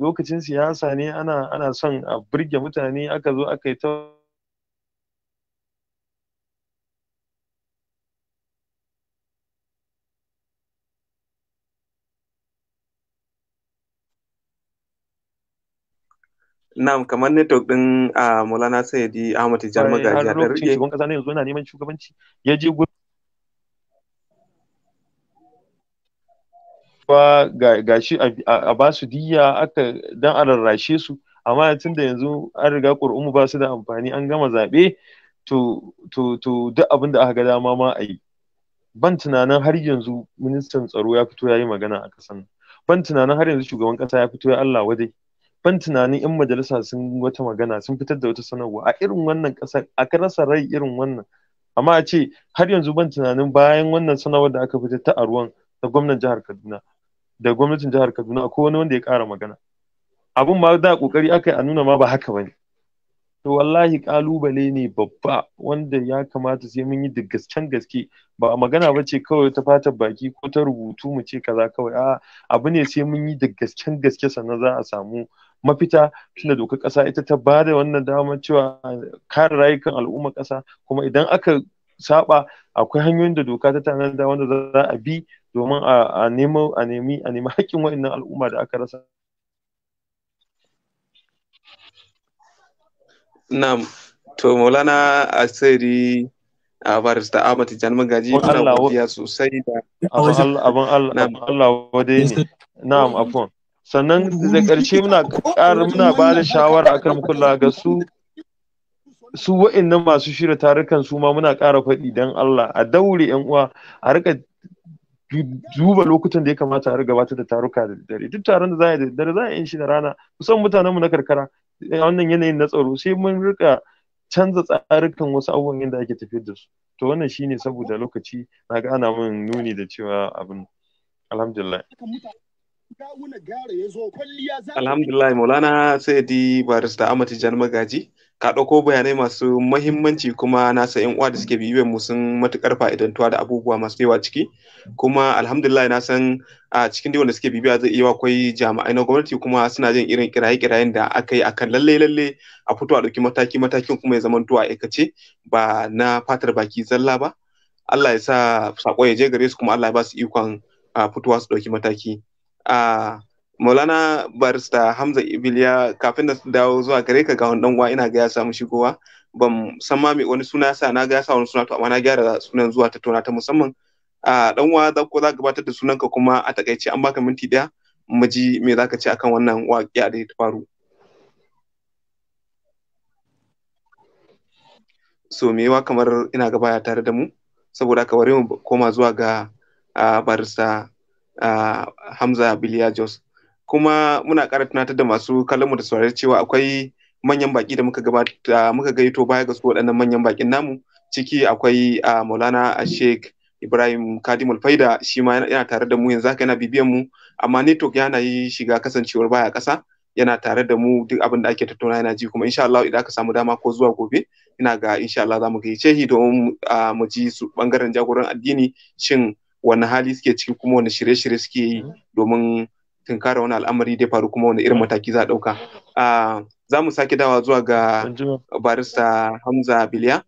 C: lokacin siyasa ne ana son a burge mutane aka zo aka yi ta
A: Na'am kamar network din a Maulana Sayyidi Ahmad Tijjar Magaji ya dan rike. Shugaban
C: kasa ne yanzu yana neman shugabanci ya je gurin Ba ga shi a ba su diya aka dan a rarrashe su amma tun da yanzu an riga ƙur'umu ba su da amfani an gama zaɓe to to duk abin da aka ga dama ma a yi ban tunanin har yanzu ministan tsaro ya fito ya yi magana a ƙasan ban tunanin har yanzu shugaban ƙasa ya fito ya Allah wadai ban tunanin 'yan majalisa sun wata magana sun fitar da wata sanarwa a irin wannan ƙasar a rasa rai irin wannan amma a ce har yanzu ban tunanin bayan wannan sanarwar da aka fitar ta arwan da gwamnan jihar kaduna da gwamnatin jihar kaduna akwai wani wanda ya ƙara magana abun ma da ƙoƙari aka yi a nuna ma ba haka ba ne to wallahi ƙalubale ne babba wanda ya kamata sai mun yi gasken gaske ba magana ba ce kawai ta fatar baki ko ta rubutu mu ce kaza kawai A'a abu ne sai mun yi gasken gaske sannan za a samu mafita tunda dokar kasa ita ta ba da wannan damar cewa kare rayukan al'ummar kasa kuma idan aka saba akwai hanyoyin da doka ta tanada wanda za a bi domin a nemi a nemi a nemi haƙƙin wa'annan al'umma da aka rasa
A: Na'am, to Maulana Asiri a barista Ahmad Jan Magaji muna godiya sosai da abin Allah abin Allah ne.
C: Na'am, afon sannan da ƙarshe muna ƙara muna ba da shawara akan kula ga su su wa'annan masu shirya tarukan su ma muna ƙara faɗi don Allah a daure yan uwa a rika duba lokutan da ya kamata a riga gabatar da taruka da dare duk taron da za a yi da dare za a yi shi da rana musamman mutanen mu na karkara A eh, wannan yanayin na tsaro sai mun rika canza tsarukan wasu abubuwan yadda ake tafiyar da su to wannan shine saboda
A: lokaci na ga ana min nuni da cewa abin alhamdulillah Alhamdulillah Maulana di Barista Amati Jan Magaji ka ɗauko bayanai masu mahimmanci kuma na san uwa da suke bibiyar mu sun matukar fa'idantuwa da abubuwa masu yawa ciki kuma alhamdulillah na san a cikin dai wanda suke bibiya zai iya akwai jami'ai na gwamnati kuma suna jin irin kiraye-kirayen da aka yi akan lalle lalle a fito a ɗauki mataki matakin kuma ya zaman a aikace ba na fatar baki zalla ba Allah ya sa sako ya je gare su kuma Allah ya ba su ikon fitowa su ɗauki mataki a Maulana barista Hamza Ibiliya kafin da su dawo zuwa gare ka ga dan uwa ina ga ya samu shigowa ban san ma me wani suna sa na ga sa wani suna to amma na gyara sunan zuwa ta tona ta musamman a dan uwa za ko za gabatar da sunanka kuma a takaice an baka minti daya mu ji me zaka ce akan wannan waƙiya da ta faru so me wa kamar ina gaba ya tare da mu saboda ka bari mu koma zuwa ga barista Hamza Biliya Jos. Kuma muna ƙara tunatar da masu mu da saurari cewa akwai manyan baƙi da muka gabata muka gaito baya ga su waɗannan manyan baƙin namu ciki akwai a Maulana Sheikh Ibrahim Kadimul Faida shi ma yana tare da mu yanzu haka yana bibiyan mu amma network yana yi shiga kasancewar baya ƙasa yana tare da mu duk abin da ake tattauna yana ji kuma insha Allah idan aka samu dama ko zuwa gobe ina ga insha Allah za mu gayyace shi domin mu ji su bangaren jagoran addini shin wani hali suke ciki kuma wani shirye-shirye suke yi hmm. domin tunkara wani al'amari da ya faru kuma wani irin mataki za a ɗauka. Za mu sake dawa zuwa ga barista Hamza Biliya.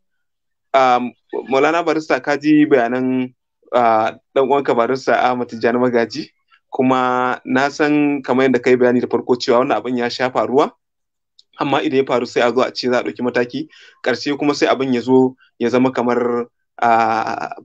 A: Maulana barista ka ji bayanan ɗan uwanka barista Ahmad Tijjani Magaji kuma na san kamar yadda ka yi bayani da farko cewa wannan abin ya sha faruwa. amma idan ya faru sai a zo a ce za a ɗauki mataki ƙarshe kuma sai abin ya zo ya zama kamar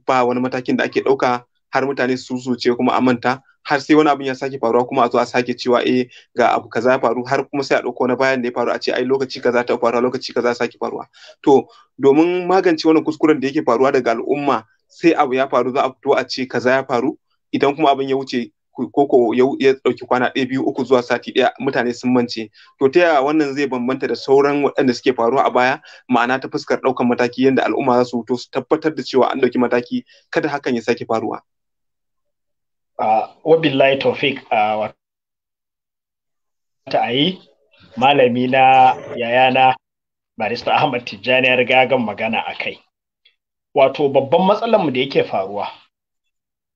A: ba wani matakin da ake ɗauka har mutane su ce kuma a manta har sai wani abin ya sake faruwa kuma a zo a sake cewa eh ga abu kaza ya faru har kuma sai a ɗauko na bayan da ya faru a ce ai lokaci kaza ta faruwa lokaci kaza sake faruwa to domin magance wannan kuskuren da yake faruwa daga al'umma sai abu ya faru za a fito a ce kaza ya faru idan kuma abin ya wuce koko ya ɗauki kwana ɗaya biyu uku zuwa sati ɗaya mutane sun mance to ta yaya wannan zai bambanta da sauran waɗanda suke faruwa a baya ma'ana ta fuskar ɗaukar mataki yadda al'umma za su to su tabbatar da cewa an ɗauki mataki kada hakan ya sake faruwa
B: Ah, wabillahi tawfiq ah, a wata yi malami na yayana barista Ahmad Tijjani ya riga gan magana a kai. Wato babban matsalanmu da yake faruwa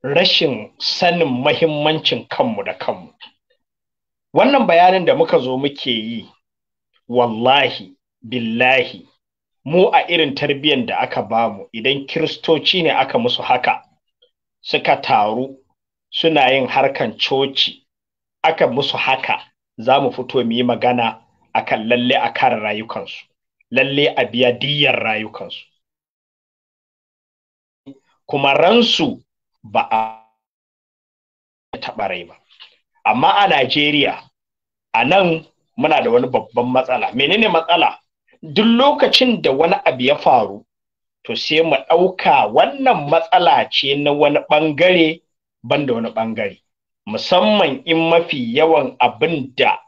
B: rashin sanin mahimmancin kanmu da kanmu. Wannan bayanin da muka zo muke yi wallahi billahi mu a irin tarbiyyar da aka bamu idan kiristoci ne aka musu haka suka taru suna yin harkan coci aka musu haka za mu fito mu yi magana a kan lalle a kare rayukansu lalle a biya diyyar rayukansu kuma ransu ba a taɓa rai ba amma a Najeriya a nan muna da wani babban matsala menene matsala duk lokacin da wani abu ya faru to sai mu ɗauka wannan matsala ce na wani ɓangare banda wani bangare musamman in mafi yawan abin da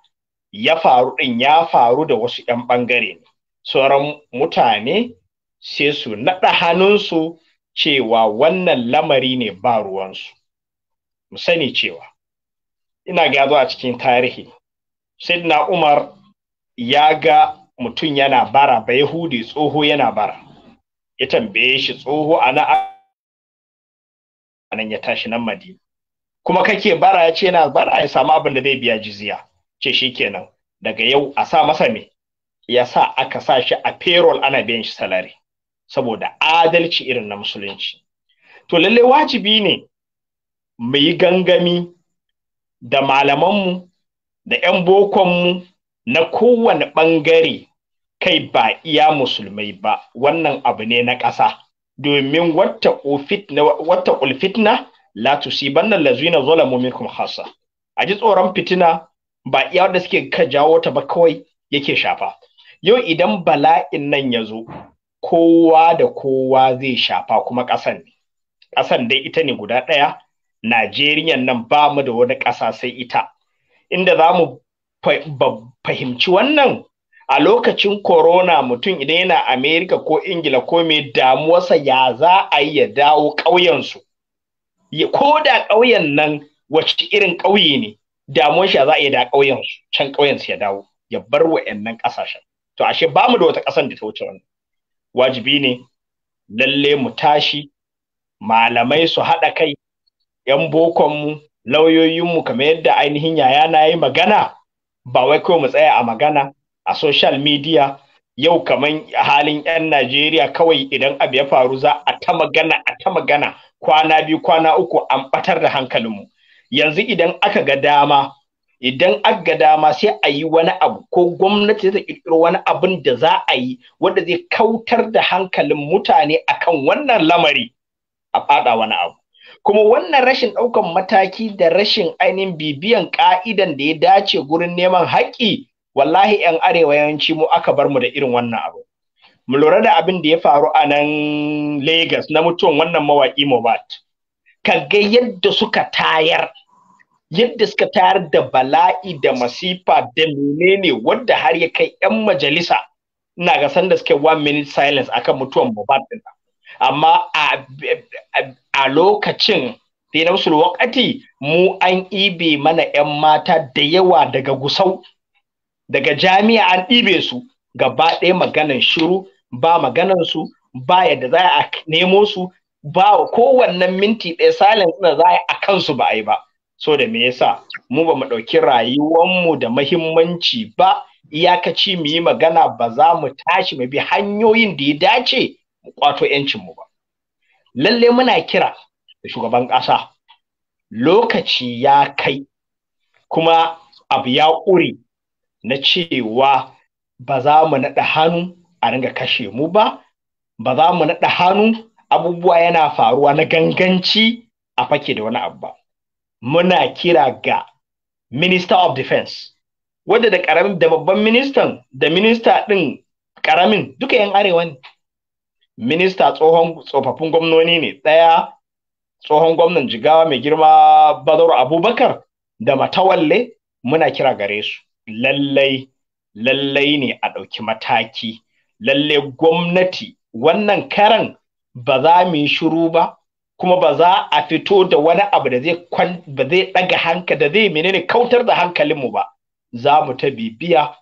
B: ya faru din ya faru da wasu 'yan bangare ne sauran mutane sai su naɗa hannunsu cewa wannan lamari ne ba ruwansu mu sani cewa ina gado a cikin tarihi sidna umar ya ga mutum yana bara ba yahudi tsoho yana bara ya tambaye shi tsoho ana nan ya tashi nan madina kuma kake bara ya ce yana bara ya samu abin da zai biya jiziya ce shi kenan daga yau a sa masa me ya sa aka sa shi a payroll ana biyan shi salari saboda adalci irin na musulunci to lallai wajibi ne mu yi gangami da malamanmu da 'yan bokonmu na kowane ɓangare kai ba iya musulmai ba wannan abu ne na ƙasa domin wata ulfitna, Latusi, ulfitna la banna lazina zalamu minkum khassa a ji tsoron fitina ba iya da suke ka jawo ta ba kawai yake shafa yau idan bala'in nan ya zo kowa da kowa zai shafa kuma ƙasan ne ƙasan dai ita ne guda ɗaya Najeriya nan ba mu da wani ƙasa sai ita inda za mu fahimci wannan a lokacin corona mutum idan yana Amerika ko Ingila ko mai damuwarsa ya za a yi ya dawo ƙauyensu. Ko da ƙauyen nan wacce irin ƙauye ne damuwar shi za a yi da ƙauyensu can ƙauyensu ya dawo ya bar wa'annan ƙasashen. To ashe ba mu da wata ƙasan da ta wuce wannan. Wajibi ne lalle mu tashi malamai su haɗa kai 'yan bokonmu lauyoyinmu kamar yadda ainihin yaya na yi magana ba wai kawai mu tsaya a magana a social media yau kaman halin 'yan Najeriya kawai idan abu ya faru za a ta magana a ta magana kwana biyu kwana uku an batar da hankalinmu yanzu idan aka ga dama idan aka ga dama sai a yi wani abu ko gwamnati ta kirkiro wani abin da za a yi wanda zai kautar da hankalin mutane akan wannan lamari a fada wani abu kuma wannan rashin ɗaukan mataki da rashin ainihin bibiyan ka'idan da ya dace gurin neman haƙƙi wallahi yan arewa yawanci mu aka bar mu da irin wannan abu mu lura da abin da ya faru a nan Lagos na mutuwan wannan mawaki Mobat ka ga yadda suka tayar yadda suka tayar da bala'i da masifa da menene wadda har ya kai yan majalisa ina ga sanda suke one minute silence akan mutuwan Mobat din amma a lokacin da na wakati mu an ibe mana yan mata da yawa daga gusau daga jami'a an ɗibe su gaba ɗaya maganan shiru ba maganan su ba yadda za a nemo su ba kowannan minti ɗaya silence na za a kansu ba a yi ba so da me yasa mu ba mu ɗauki rayuwanmu da mahimmanci ba iyakaci mu yi magana ba za mu tashi mu bi hanyoyin da ya dace mu kwato mu ba lalle muna kira da shugaban ƙasa lokaci ya kai kuma abu ya ƙure na cewa ba za mu naɗa hannu a ringa kashe mu ba ba za mu naɗa hannu abubuwa yana faruwa na ganganci a fake da wani abu ba muna kira ga minister of defense wadda da ƙaramin da babban ministan da minista ɗin ƙaramin duka yan arewa ne minista tsohon tsofaffin gwamnoni ne ɗaya tsohon gwamnan jigawa mai girma badaru abubakar da matawalle muna kira gare su lallai lallai ne a ɗauki mataki lallai gwamnati wannan karan ba za mu yi shiru ba kuma ba za a fito da wani abu da zai ba zai ɗaga hankali da zai menene kautar da hankalinmu ba za mu ta bibiya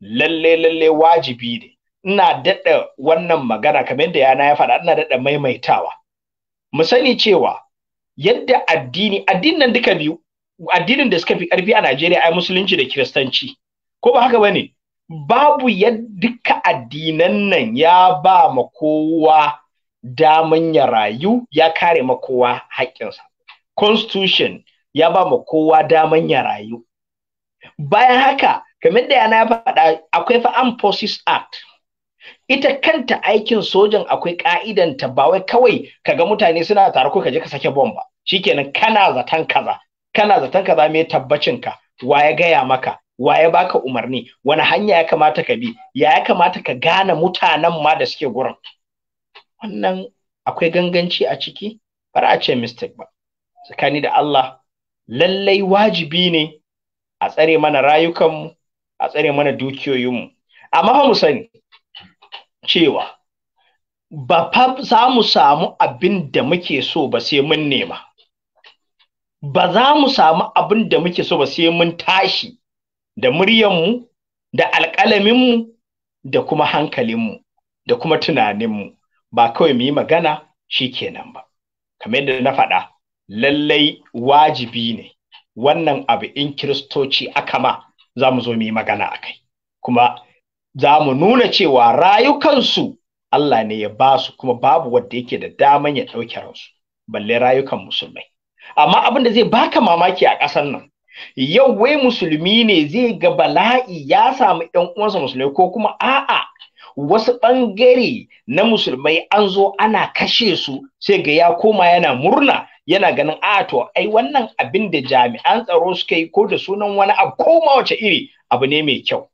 B: Lallai-lallai, wajibi ne ina daɗa wannan magana kamar yadda yana ya faɗa ina daɗa maimaitawa mu sani cewa yadda addini addinin duka biyu addinin da suka fi ƙarfi a Najeriya ai musulunci da kiristanci ko ba haka bane babu yadda addinan nan ya ba ma kowa daman ya rayu ya kare ma kowa haƙƙinsa constitution ya ba ma kowa daman ya rayu bayan haka kamar da yana faɗa akwai fa armed forces act ita kanta aikin sojan akwai ka'idanta ba wai kawai kaga mutane suna tare ko kaje ka sake bomba shikenan kana zatan kaza kana zaton ka zame tabbacin ka wa ya gaya maka wa ya baka umarni wani hanya ya kamata ka bi ya ya kamata ka gane mutanen ma da suke gurin wannan akwai ganganci a ciki Ba a ce mistake ba tsakani da Allah lallai wajibi ne a tsare mana rayukanmu a tsare mana dukiyoyinmu amma fa mu sani cewa ba fa za mu samu abin da muke so ba sai mun nema ba za mu samu abin da muke so ba sai mun tashi da mu da alƙalamin mu da kuma hankalin mu da kuma tunanin mu ba kawai mu yi magana shi kenan ba kamar yadda na faɗa lallai wajibi ne wannan abu in kiristoci aka ma za mu zo mu yi magana a kai kuma za mu nuna cewa rayukansu Allah ne ya ba su kuma babu wanda yake da daman ya ɗauke ransu balle rayukan musulmai amma abin da zai baka mamaki a ƙasar nan yau wai musulmi ne zai ga bala'i ya samu ƴan uwansa musulmai ko kuma a'a wasu ɓangare na musulmai an zo ana kashe su sai ga ya koma yana murna yana ganin a to ai wannan abin da jami'an tsaro suka yi ko da sunan wani abu ko ma wace iri abu ne mai kyau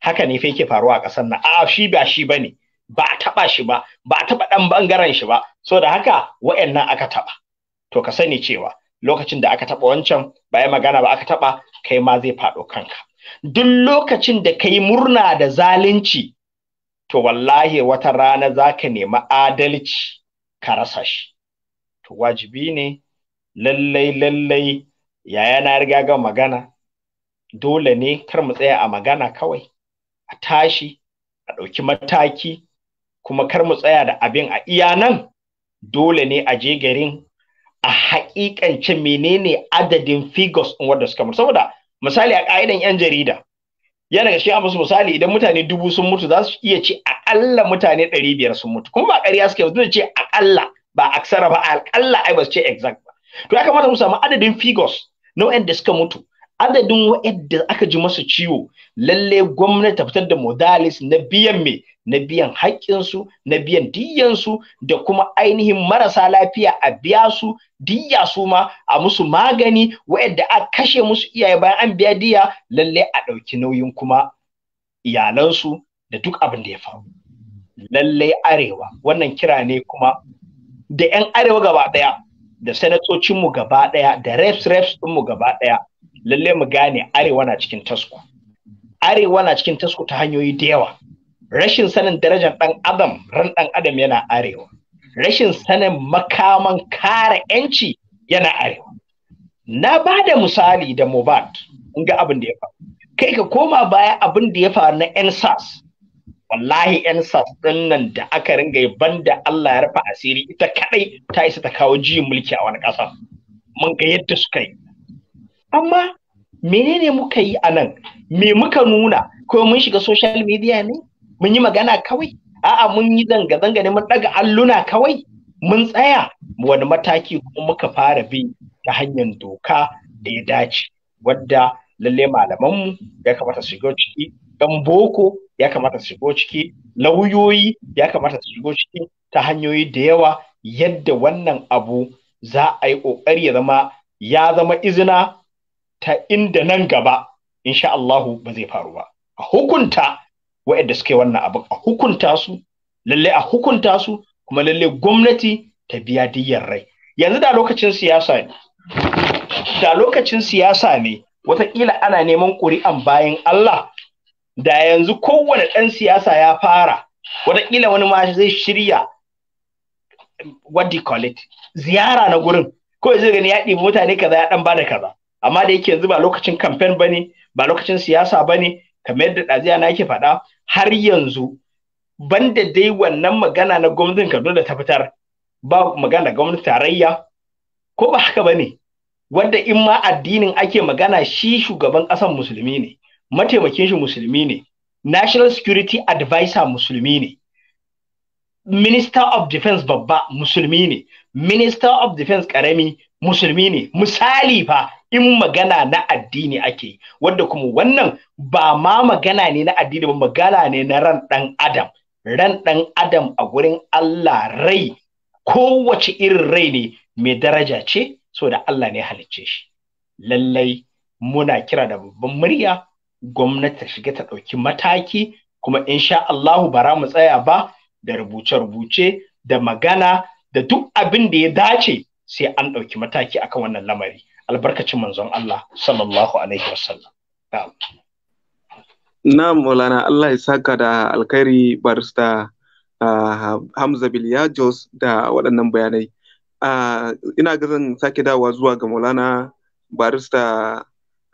B: haka ne fa yake faruwa a ƙasar nan a shi ba shi bane ba a taɓa shi ba ba a taɓa ɗan bangaren shi ba saboda haka wa'annan aka taba to ka sani cewa lokacin da aka taɓa wancan ba ya magana ba aka taɓa kai ma zai faɗo kanka duk lokacin da ka yi murna da zalunci to wallahi wata rana za ka nemi adalci ka rasa shi to wajibi ne lallai lallai yaya na riga ga magana dole ne kar mu tsaya a magana kawai a tashi a ɗauki mataki kuma kar mu tsaya da abin a iya nan dole ne a je garin a haƙiƙance menene adadin figures in wanda suka mutu saboda misali a ƙa'idan yan jarida yana ga shi a musu misali idan mutane dubu sun mutu za su iya ce aƙalla mutane ɗari biyar sun mutu kuma ba ƙarya suke ba ce aƙalla ba aksara ba aƙalla ai ba su ce exact ba to ya kamata mu samu adadin figures na da suka mutu adadin wa'adda aka ji masu ciwo lalle gwamnati ta fitar da modalis na biyan me na biyan haƙƙinsu na biyan diyyansu da kuma ainihin marasa lafiya a biya su diyya su ma a musu magani wa'adda a kashe musu iyaye bayan an biya diya, lalle a ɗauki nauyin kuma iyalansu da duk abin da ya faru lalle arewa wannan kira ne kuma da 'yan arewa gaba ɗaya da sanatocinmu gaba ɗaya da refs reps ɗinmu gaba ɗaya lalle mu gane arewa na cikin tasko arewa na cikin tasko ta hanyoyi da yawa rashin sanin darajar ɗan adam ran ɗan adam yana arewa rashin sanin makaman kare yanci yana arewa na bada misali da mobat in ga abin da ya faru kai ka koma baya abin da ya faru na ensas wallahi ensas din nan da aka ringa banda allah ya rufe asiri ita kadai ta isa ta kawo jiyin mulki a wani ƙasa mun ga yadda suka yi amma menene muka yi a nan me muka nuna ko mun shiga social media ne mun yi magana kawai a'a mun yi zanga-zanga ne mun daga alluna kawai mun tsaya wani mataki kuma muka fara bi ta hanyar doka da ya dace wadda lalle malamanmu ya kamata su shigo ciki dan boko ya kamata su shigo ciki lauyoyi ya kamata su shigo ciki ta hanyoyi da yawa yadda wannan abu za a yi ƙoƙari ya zama ya zama izina ta inda nan gaba insha Allahu ba zai faru ba a hukunta waɗanda suke wannan abin a hukunta su lalle a hukunta su kuma lalle gwamnati ta biya diyyar rai yanzu da lokacin siyasa ne da lokacin siyasa ne wataƙila ana neman ƙuri'an bayan Allah da yanzu kowane ɗan siyasa ya fara wataƙila wani ma zai shirya what do you call it ziyara na gurin ko zai gani ya ɗibi mutane kaza ya ɗan bada kaza amma da yake yanzu ba lokacin kamfen ba ne ba lokacin siyasa ba ne kamar yadda ɗaziya na yake faɗa har yanzu ban da dai wannan magana na gwamnatin kaduna da ta fitar ba magana gwamnatin tarayya ko ba haka ba ne wanda in ma addinin ake magana shi shugaban ƙasan musulmi ne mataimakin shi musulmi ne national security advisor musulmi ne minister of defense babba musulmi ne minister of defense ƙarami. musulmi ne misali fa in magana na addini ake yi wanda kuma wannan ba ma magana ne na addini ba magana ne na ran ɗan adam ran ɗan adam a gurin Allah rai kowace irin rai ne mai daraja ce da Allah ne halicce shi lallai muna kira da babban murya gwamnati ta shiga ta ɗauki mataki kuma insha Allahu bara mu tsaya ba da rubuce-rubuce da magana da duk abin da ya dace sai an ɗauki mataki akan wannan lamari albarkacin manzon Allah sallallahu alaihi wasallam
A: na maulana Allah ya saka da alkhairi barista ah, Hamza Biliya Jos da waɗannan bayanai ah, ina ga sake dawa zuwa ga maulana barista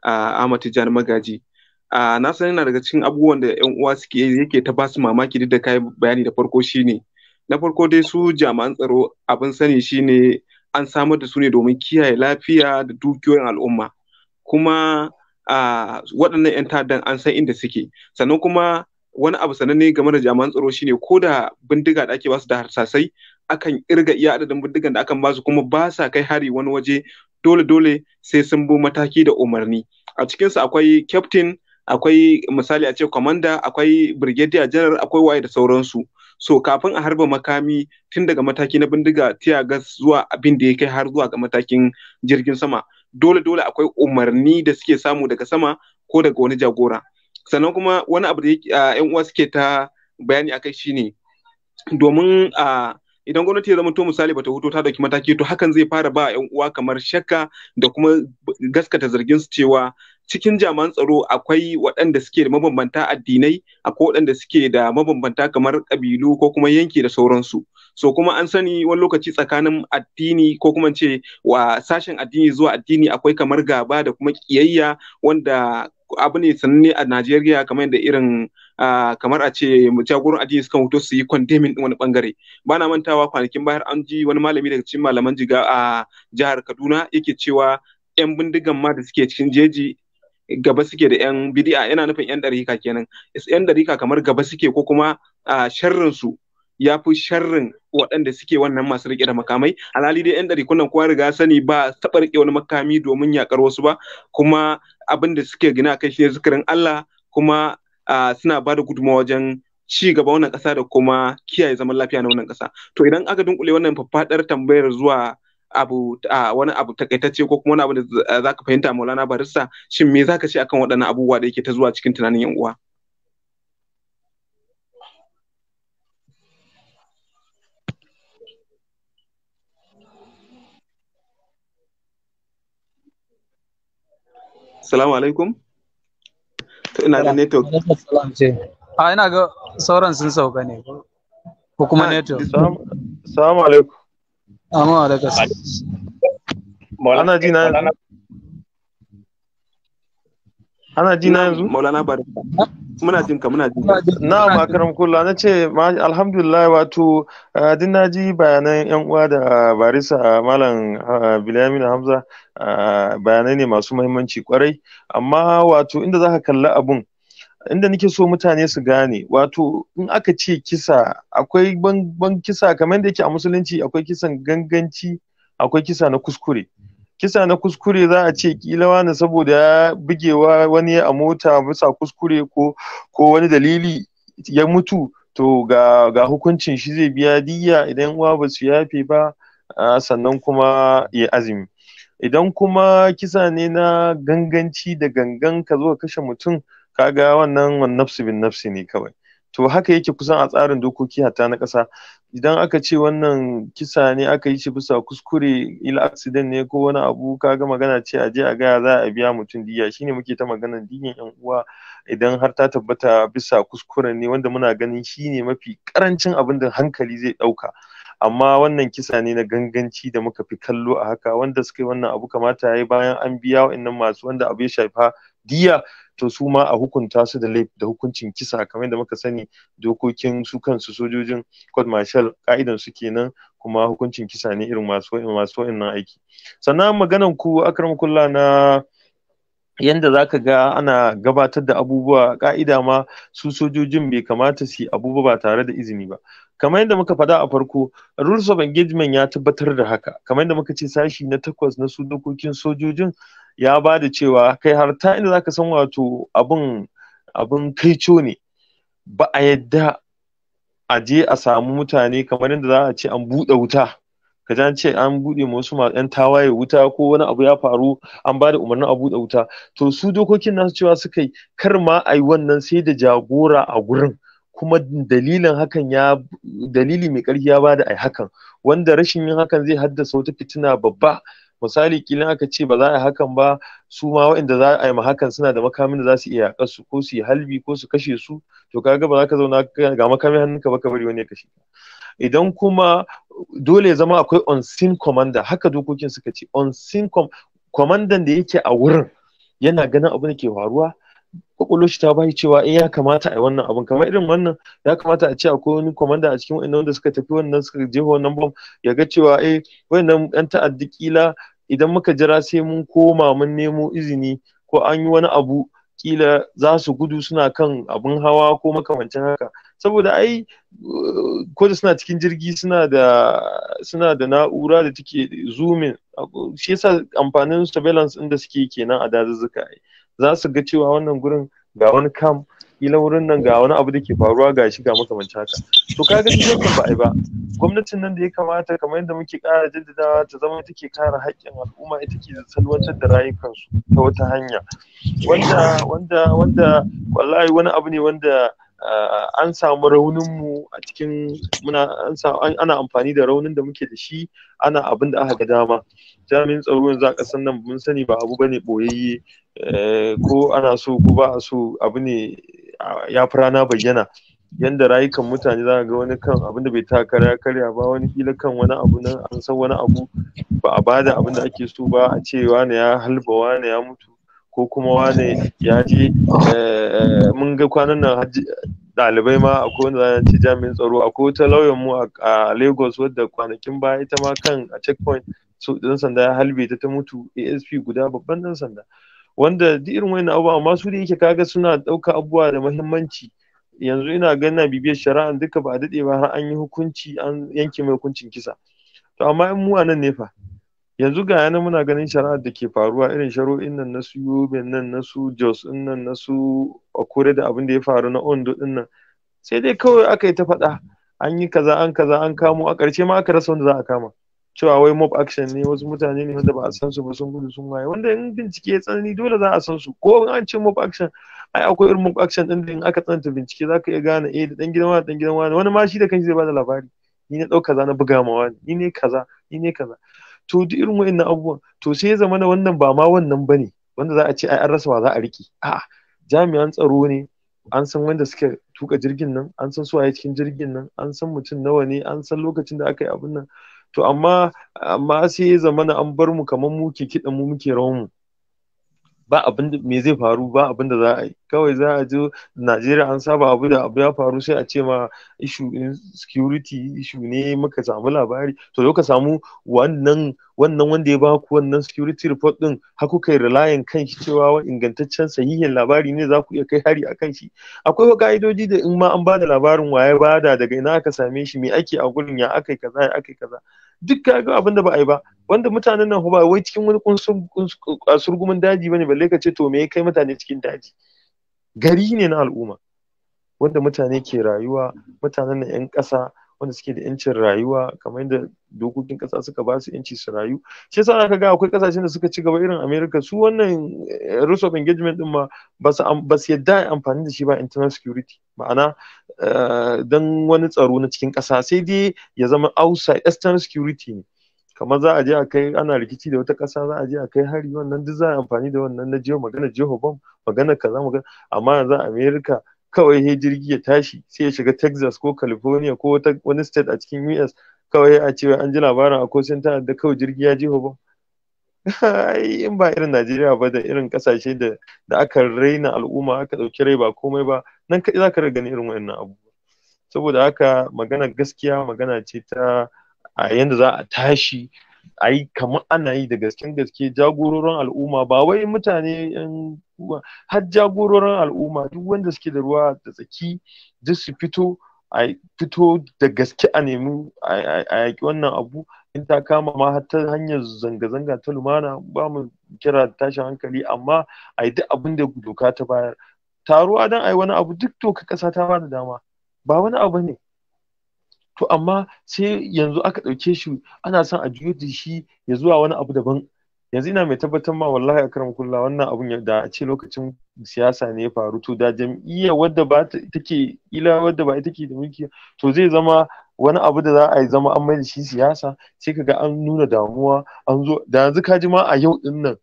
A: ah, Ahmad Tijjani Magaji na san yana daga cikin abubuwan da yan uwa suke yake ta basu mamaki duk da kai bayani da farko shine na farko dai su jami'an tsaro abin sani shine an samar da su ne domin kiyaye lafiya da dukiyoyin al'umma kuma a waɗannan 'yan ta'addan an san inda suke sannan kuma wani abu sananne game da jami'an tsaro shine ko da bindiga da ake basu da harsasai akan irga iya adadin bindigan da akan basu kuma ba sa kai hari wani waje dole dole sai sun bi mataki da umarni a cikinsu akwai kyaftin akwai misali a ce commander akwai brigadier general akwai waye da sauransu so kafin a harba makami tun daga mataki na bindiga tiya gas zuwa abin da ya kai har zuwa ga matakin jirgin sama dole dole akwai umarni da suke samu daga sama ko daga wani jagora sannan kuma wani abu da yan uwa suke ta bayani akai shine domin a idan gwamnati ya zama to misali bata huto ta dauki mataki to hakan zai fara ba yan uwa kamar shakka da kuma gaskata zargin su cewa cikin jami'an tsaro akwai waɗanda suke da mabambanta addinai akwai waɗanda suke da mabambanta kamar ƙabilu ko kuma yanki da sauransu so kuma an sani wani lokaci tsakanin addini ko kuma ce wa sashen addini zuwa addini akwai kamar gaba da kuma ƙiyayya wanda abu ne sanne a Najeriya kamar yadda irin kamar a ce jagoran addini sukan fito su yi kwandemin din wani bangare ba na mantawa kwanakin bayar an ji wani malami daga cikin malaman jiga a jihar Kaduna yake cewa yan bindigan ma da suke cikin jeji gaba suke da yan bidi'a yana nufin yan ɗarika kenan yan ɗarika kamar gaba suke ko kuma sharrin su ya fi sharrin waɗanda suke wannan masu riƙe da makamai alhali dai yan ɗarikun kunan kowa riga sani ba taɓa riƙe wani makami domin yaƙar wasu ba kuma abin da suke gina kai shi zikirin Allah kuma suna ba da gudunmawa wajen ci gaba wannan ƙasa da kuma kiyaye zaman lafiya na wannan ƙasa to idan aka dunkule wannan faffaɗar tambayar zuwa abu wani abu takaitacce ko kuma wani abu da zaka fahimta Maulana Barista shin me zaka ce akan waɗannan abubuwa da yake ta zuwa cikin tunanin yan uwa Assalamu alaikum. To ina da network.
D: A ina ga
C: sauran sun sauka ne ko kuma network. Assalamu alaikum.
A: Amma da gaske. Ana ji na yanzu. Ana Gina yanzu? Muna jin ka muna jin ka. Na
C: makaram kullu, na ce alhamdulillah wato eh, din na ji bayanan yan uwa da barisa malam eh, Bilyamin Hamza eh, bayanai ne masu muhimmanci kwarai amma wato inda za ka kalli abun inda nake so mutane su gane wato in aka ce kisa akwai ban kisa kamar da yake a musulunci akwai kisan ganganci akwai kisa na kuskure kisa na kuskure za a ce kila wani saboda ya bugewa wani a mota bisa kuskure ko ko wani dalili ya mutu to ga ga hukuncin shi zai biya diyya idan uwa ba su yafe ba sannan kuma ya azumi idan kuma kisa ne na ganganci da gangan ka zo ka kashe mutum kaga wannan wan nafsi bin nafsi ne kawai to haka yake kusan a tsarin dokoki hatta na ƙasa idan aka ce wannan kisa ne aka yi shi bisa kuskure ila accident ne ko wani abu kaga magana ce a je a gaya za a biya mutum diya shine muke ta magana diyan yan uwa idan har ta tabbata bisa kuskure ne wanda muna ganin shine mafi karancin abin da hankali zai ɗauka amma wannan kisa ne na ganganci da muka fi kallo a haka wanda suka yi wannan abu kamata ya yi bayan an biya wa'annan masu wanda abu ya shafa diya to su ma a hukunta su da da hukuncin kisa kamar da muka sani dokokin su kansu sojojin court martial ka'idan su kenan kuma hukuncin kisa ne irin masu masu aiki sannan maganan ku kulla na yanda za ka ga ana gabatar da abubuwa ka'ida ma su sojojin bai kamata su yi abubuwa ba tare da izini ba kamar yadda muka faɗa a farko rules of engagement ya tabbatar da haka kamar yadda muka ce sashi na takwas na su dokokin sojojin ya ba da cewa kai har ta inda zaka san wato abun abun kaico ne ba a yadda a je a samu mutane kamar yadda za a ce an buɗe wuta ka an ce an buɗe wasu ma yan tawaye wuta ko wani abu ya faru an ba da umarnin a buɗe wuta to su dokokin nasu cewa suka yi kar ma a yi wannan sai da jagora a gurin kuma dalilin hakan ya dalili mai ƙarfi ya bada yi hakan wanda rashin yin hakan zai haddasa wata fitina babba misali kila aka ce ba za a hakan ba su ma waɗanda za a yi hakan suna da makamin da za su iya yaƙar su ko su yi halbi ko su kashe su to kaga ba za ka zauna ga makamin hannunka ba ka bari wani ya kashe idan kuma dole ya zama akwai on scene commander haka dokokin suka ce on scene com kwamandan da yake a wurin yana ganin abin da ke faruwa kwakwalwar ta bayi cewa eh ya kamata a yi wannan abun kamar irin wannan ya kamata a ce akwai wani kwamanda a cikin wanda suka tafi wannan suka jefa wannan bom ya ga cewa eh wannan yan ta'addi kila idan muka jira sai mun koma mun nemo izini ko an yi wani abu kila za su gudu suna kan abun hawa ko makamancin haka saboda ai ko da suna cikin jirgi suna da suna da na'ura da take zooming shi yasa amfanin surveillance da suke kenan a dazuzzuka eh. za su ga cewa wannan gurin ga wani kam ila wurin nan ga wani abu da ke faruwa ga shi ga makamanci haka to ka ga gwamnatin ba ai ba gwamnatin nan da ya kamata kamar yadda muke ƙara jaddadawa ta zama take kare haƙƙin al'umma ita ke salwantar da rayukansu ta wata hanya wanda wanda wanda wallahi wani abu ne wanda Eh, an samu raunin mu a cikin muna ana amfani da raunin da muke da shi ana abin da aka ga dama jami'in tsaro yanzu a ƙasar nan mun sani ba abu bane boyayye eh, ko ana so ko ba a so abu ne ya fi rana bayyana yanda rayukan mutane za ga wani kan abin da bai takara ya karya ba wani kila kan wani abu nan an san wani abu ba a bada abin da ake so ba a ce wane ya halba wane ya mutu ko kuma wane ya ji eh, eh, mun ga kwanan nan ɗalibai ma akwai wanda zan ci jami'in tsaro akwai wata lauyan mu a lagos wadda kwanakin baya ita ma kan a checkpoint su ɗan sanda ya halbe ta ta mutu asp guda babban ɗan sanda wanda duk irin wani abubuwa amma su da yake kaga suna ɗauka abubuwa da muhimmanci yanzu ina ganin bibiyar shari'a duka ba a daɗe ba har an yi hukunci an yanke mai hukuncin kisa to amma in mu a nan ne fa yanzu ga yana muna ganin shari'ar da ke faruwa irin shari'o'in nan na su yobe nan na su jos din nan na su akure da abin da ya faru na ondo din nan sai dai kawai aka yi ta faɗa an yi kaza an kaza an kamo a ƙarshe ma aka rasa wanda za a kama cewa wai mob action ne wasu mutane ne wanda ba a san su ba sun gudu sun waye wanda in bincike ya tsanani dole za a san su ko in an ce mob action ai akwai irin mob action din da in aka tsananta bincike za ka iya gane eh da dan gidan wani dan gidan wani wani ma shi da kanshi zai bada labari ni ne ɗau kaza na buga ma wani ni ne kaza ni ne kaza to duk irin wa'annan abubuwan to sai ya zama wannan ba ma wannan bane wanda za a ce ai an rasa wa za a rike a'a jami'an tsaro ne an san wanda suka tuka jirgin nan an san su waye cikin jirgin nan an san mutum nawa ne an san lokacin da aka yi abin nan to amma amma sai ya zama an bar mu kamar mu ke kiɗan mu muke rawan mu ba abin me zai faru ba abin da za a yi kawai za a je Najeriya an saba abu da abu ya faru sai a ce ma issue in security issue ne muka samu labari to yau ka samu wannan wannan wanda ya baku wannan security report din har kuka yi relying kan shi cewa wa ingantaccen sahihin labari ne za ku iya kai hari akan shi akwai wa ka'idoji da in ma an bada labarin waye bada daga ina aka same shi me ake a gurin ya akai kaza ya akai kaza duk ka ga abin da ba a yi ba wanda mutanen nan ba wai cikin wani kunsurgumin daji bane balle ka ce to me ya kai mutane cikin daji gari ne na al'umma wanda mutane ke rayuwa mutanen nan 'yan ƙasa wanda suke da yancin rayuwa kamar yadda dokokin ƙasa suka ba su yanci su rayu shi yasa aka ga akwai ƙasashen da suka ci gaba irin America su wannan eh, rules of engagement din ma ba su yadda amfani da shi ba internal security ma'ana eh, dan wani tsaro na cikin ƙasa sai dai ya zama outside external security ne kamar za a je a kai ana rikici da wata ƙasa za a je a kai hari wannan duk za a amfani da wannan na jiho magana jiho bom magana kaza magana amma yanzu America kawai he jirgi ya tashi sai ya shiga Texas ko California ko wani state a cikin US kawai a cewa an ji labarin a kosin ta da kawai jirgi ya ji ba in ba irin Najeriya ba da irin kasashe da da aka raina al'umma aka dauki rai ba komai ba nan kaɗai za ka ni irin wannan abu. saboda haka magana gaskiya magana ce ta a yanda za a tashi a yi kamar ana yi da gasken gaske jagororin al'umma ba wai mutane har jagororin al'umma duk wanda suke da ruwa da tsaki duk su fito a fito da gaske a nemi a yaƙi wannan abu in ta kama ma ta hanyar zanga-zanga ta lumana ba mu kira tashin hankali amma a yi duk abin da doka ta bayar taruwa don a yi wani abu duk doka ƙasa ta ba da dama ba wani abu ne to amma sai yanzu aka ɗauke shi ana son a juyo da shi ya zuwa wani abu daban yanzu ina mai tabbatar ma wallahi a karam kulla wannan abun da a ce lokacin siyasa ne ya faru to da jam'iyya wadda ba ke ila wadda ba ita ke da mulki to zai zama wani abu da za a yi zama an mai da shi siyasa sai ga an nuna damuwa an zo da yanzu ka ma a yau din nan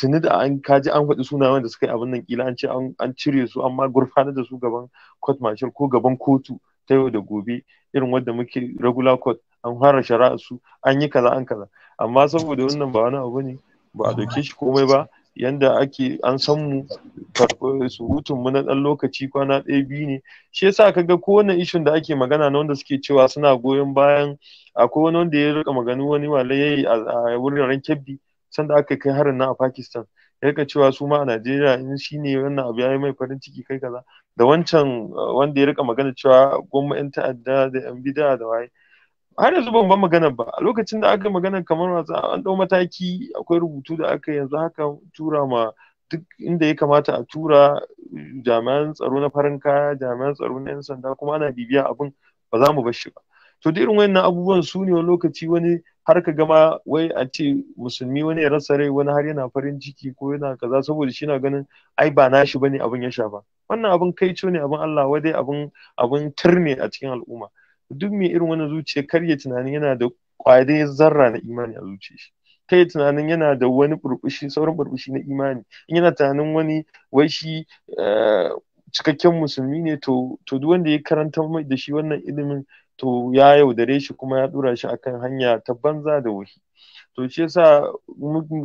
C: tuni da an kaji an faɗi suna wanda suka yi abin nan kila an ce an cire su amma gurfanar da su gaban court martial ko gaban kotu ta yau da gobe irin wadda muke regular court an fara shari'a su an yi kaza an kaza amma saboda wannan ba wani abu ne ba a dauke shi komai ba yanda ake an san mu surutun mu na dan lokaci kwana ɗaya biyu ne shi yasa ka ga kowane ishin da ake magana na wanda suke cewa suna goyon bayan akwai wani wanda ya rika maganu wani ya yayi a wuraren kebbi sanda aka kai harin na a Pakistan ya rika cewa su ma a Najeriya in shi ne wannan abu ya yi mai farin ciki kai kaza da wancan wanda ya rika magana cewa gwamma yan ta'adda da yan bida da waye har yanzu ban ban magana ba a lokacin da aka magana kamar wasa an dau mataki akwai rubutu da aka yanzu haka tura ma duk inda ya kamata a tura jami'an tsaro na farin kaya jami'an tsaro na yan sanda kuma ana bibiya abin ba za mu bashi ba to da irin wannan abubuwan su ne wani lokaci wani har ka gama wai a ce musulmi wani ya rasa rai wani har yana farin ciki ko yana kaza saboda shi na ganin ai ba nashi bane abin ya sha shafa wannan abin kaico ne abin Allah wadai abin abin tir ne a cikin al'umma duk mai irin wannan zuciya kar ya tunanin yana da kwade zarra na imani a zuciya shi kar ya tunanin yana da wani burbushi sauran burbushi na imani in yana tunanin wani wai shi eh, cikakken musulmi ne to to duk wanda ya karanta mai da shi wannan ilimin to ya yaudare shi kuma ya dura shi akan hanya ta banza da wahi to shi yasa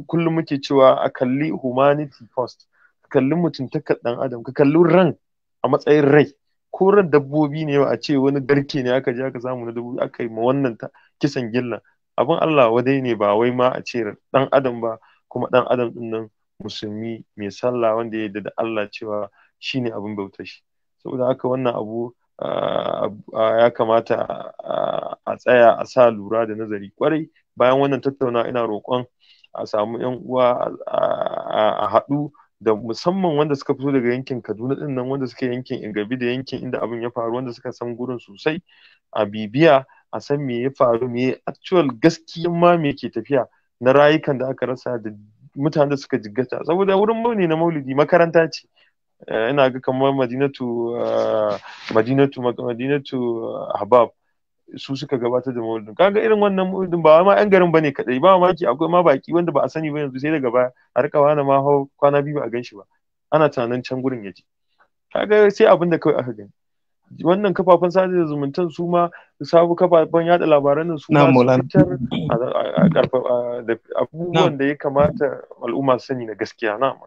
C: kullum muke cewa a kalli humanity first ka kalli mutuntakar dan adam ka kalli ran a matsayin rai korar dabbobi ne a ce wani garke ne aka je aka samu na dabbobi aka yi ma wannan kisan gillan abin Allah wadai ne ba wai ma a ce dan adam ba kuma dan adam din nan musulmi mai sallah wanda ya yarda da Allah cewa shine abin bautashi. shi saboda haka wannan abu ya kamata a tsaya a sa lura da nazari kwarai bayan wannan tattauna ina roƙon a samu yan uwa a haɗu da musamman wanda suka fito daga yankin Kaduna din nan wanda suke yankin Ingabi da yankin inda abin ya faru wanda suka san gurin sosai a bibiya a san me ya faru me actual gaskiya ma me ke tafiya na rayukan da aka rasa da mutanen da suka jiggata saboda wurin mauni na maulidi makaranta ce eh, ina ga kamar madinatu eh, madinatu madinatu habab su suka gabatar da mawulidin kaga irin wannan mawulidin ba ma yan garin bane kadai ba mamaki akwai ma baki wanda ba a sani ba yanzu sai daga baya a rika wani ma hau kwana biyu a ganshi ba ana tunanin can gurin ya kaga sai abin da kawai aka gani wannan kafafen sada zumuntan su ma sabu kafafen yada labaran nan su ma fitar da abubuwan da ya kamata al'umma sani na gaskiya na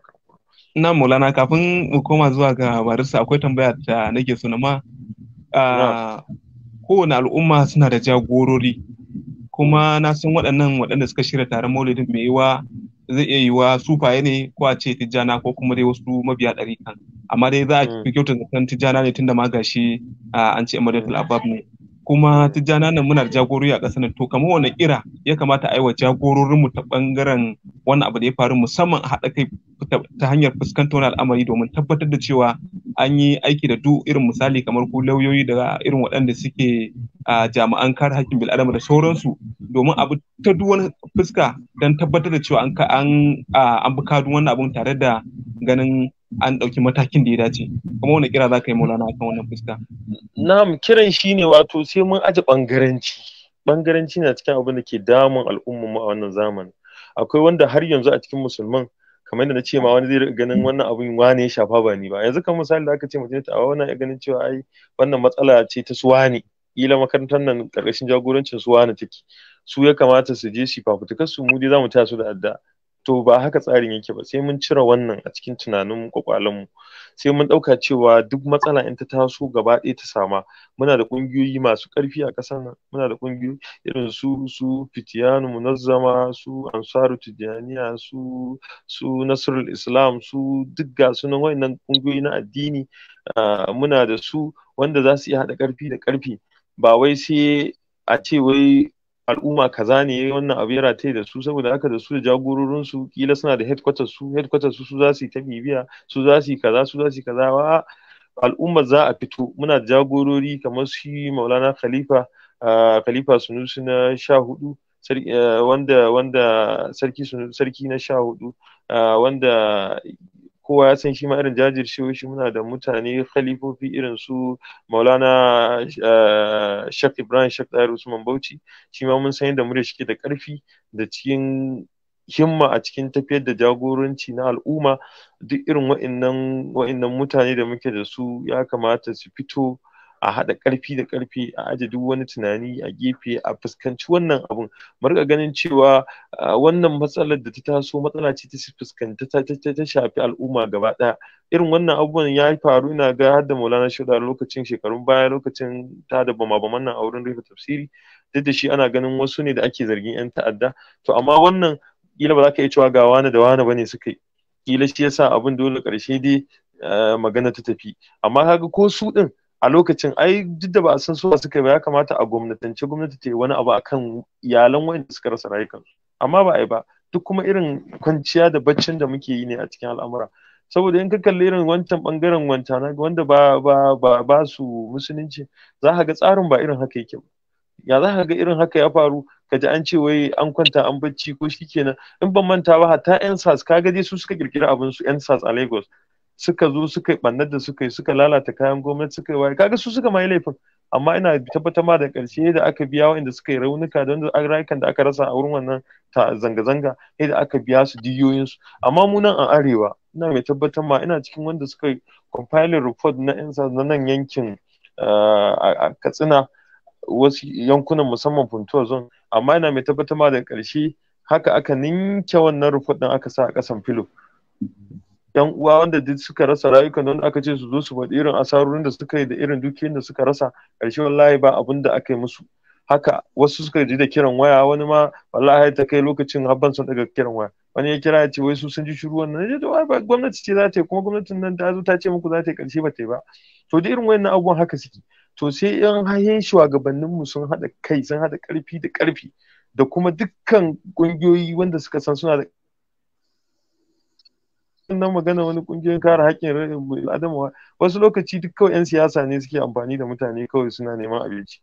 A: na mulana kafin mu koma zuwa ga barista akwai tambaya da nake so na ma ah, kowane al'umma suna da jagorori kuma na san waɗannan waɗanda suka shirya taron maulidin mai yiwa zai iya yiwa sufaye ne ko a ce tijjana ko kuma dai wasu mabiya ɗari kan amma dai za a hmm. fi kyautar zaton tijjana ne tunda ma gashi an ce amadatul abab ne kuma tijjana nan muna da jagorori a ƙasar nan to kamar wani ira ya kamata a yi wa jagororin mu ta ɓangaren wannan abu da ya faru musamman a haɗa kai ta hanyar fuskantar wani al'amari domin tabbatar da cewa an yi aiki da duk irin misali kamar ku lauyoyi da irin waɗanda suke a jami'an kare hakkin bil'adama da sauransu domin abu ta duk wani fuska don tabbatar da cewa an bi kadu wannan abun tare da ganin an ɗauki matakin da ya dace kuma wani kira za ka yi maulana akan wannan fuska
C: na'am kiran shi ne wato sai mun aje ɓangaranci ɓangaranci na cikin abin da ke damun al'ummar mu a wannan zamani akwai wanda har yanzu a cikin musulman kamar yadda na ce ma wani zai ganin wannan abun wane ya shafa ba ni ba yanzu kan misali da aka ce mutum ta wannan ya ganin cewa ai wannan matsala ce ta suwa ne kila makarantar nan karkashin jagorancin suwa ne take su ya kamata su je su fafutukar su mu dai zamu taya su da adda to ba haka tsarin yake ba sai mun cire wannan a cikin tunanin kwakwalan mu sai mun ɗauka cewa duk matsala in ta taso gaba ɗaya ta sama muna da ƙungiyoyi masu ƙarfi a ƙasar nan muna da ƙungiyoyi irin su su fitiyanu munazzama su ansaru tijaniya su su nasrul islam su duk ga sunan wayannan ƙungiyoyi na addini muna da su wanda za su iya haɗa ƙarfi da ƙarfi ba wai sai a ce wai al'umma kaza ne wannan abu ya rataye da su saboda haka da su da jagororin su kila suna da headquarters su headquarters su su za su yi ta bibiya su za su yi kaza su za su yi kaza wa al'umma za a fito muna da jagorori kamar shi maulana khalifa khalifa sunusi na sha hudu eh, wanda wanda sarki sarki na sha hudu wanda kowa ya san shi ma irin jajircewa shi muna da mutane khalifofi irin su maulana eh, shak ibrahim shak ɗayar usman bauchi shi ma mun san yadda murya shi da ƙarfi da cikin himma a cikin tafiyar da jagoranci na al'umma duk irin wa'innan mutane da muke da su ya kamata su fito a haɗa ƙarfi da ƙarfi a aje duk wani tunani a gefe a fuskanci wannan abun mu riƙa ganin cewa wannan matsalar da ta taso matsala ce ta fuskanta ta shafi al'umma gaba ɗaya irin wannan abubuwan ya faru ina ga har da Maulana Shauda lokacin shekarun baya lokacin ta da bama baman nan a wurin rufe tafsiri duk da shi ana ganin wasu ne da ake zargin 'yan ta'adda to amma wannan kila ba za ka iya cewa ga wani da wani bane suka yi kila shi yasa abin dole ƙarshe dai magana ta tafi amma kaga ko su ɗin a lokacin ai duk da ba a san su suka ba ya kamata a gwamnatance gwamnati ta yi wani abu akan iyalan wanda suka rasa rayukansu amma ba a yi ba duk kuma irin kwanciya da baccin da muke yi ne a cikin al'amura saboda in ka kalli irin wancan bangaren wanta wanda ba ba ba ba su musulunci za ka ga tsarin ba irin haka yake ba ya za ka ga irin haka ya faru ka ji an ce wai an kwanta an bacci ko shikenan in ban manta ba hatta yan sas ka ga su suka kirkira abin su yan sas a Lagos suka zo suka bannar da suka yi suka lalata kayan gwamnati suka yi waye kaga su suka mai laifin amma ina tabbatar ma da ƙarshe da aka biya waɗanda suka yi raunuka don rayukan da aka rasa a wurin wannan zanga-zanga yadda aka biya su diyoyinsu amma mu nan a arewa ina mai tabbatar ma ina cikin wanda suka yi compiling report na yan na nan yankin eh, a katsina wasu yankunan musamman puntuwa zone amma ina mai tabbatar ma da karshe haka aka ninke wannan report din aka sa a kasan filo yan uwa wanda duk suka rasa rayukan don aka ce su zo su faɗi irin asarorin da suka yi da irin dukiyoyin da suka rasa ƙarshe wallahi ba abin da aka yi musu haka wasu suka ji da kiran waya wani ma wallahi ta kai lokacin habban sun daga kiran waya wani ya kira ya ce wai su sun ji shiru wannan ya ce ba gwamnati ce za ta yi kuma gwamnatin nan ta zo ta ce muku za ta yi ƙarshe ba ta yi ba to da irin wayannan abubuwan haka suke to sai yan hayen shugabanninmu sun haɗa kai sun haɗa ƙarfi da ƙarfi da kuma dukkan ƙungiyoyi wanda suka san suna da wannan magana wani kungiyoyin kare haƙƙin adama wasu lokaci duk kawai 'yan siyasa ne suke amfani da mutane kawai suna neman abinci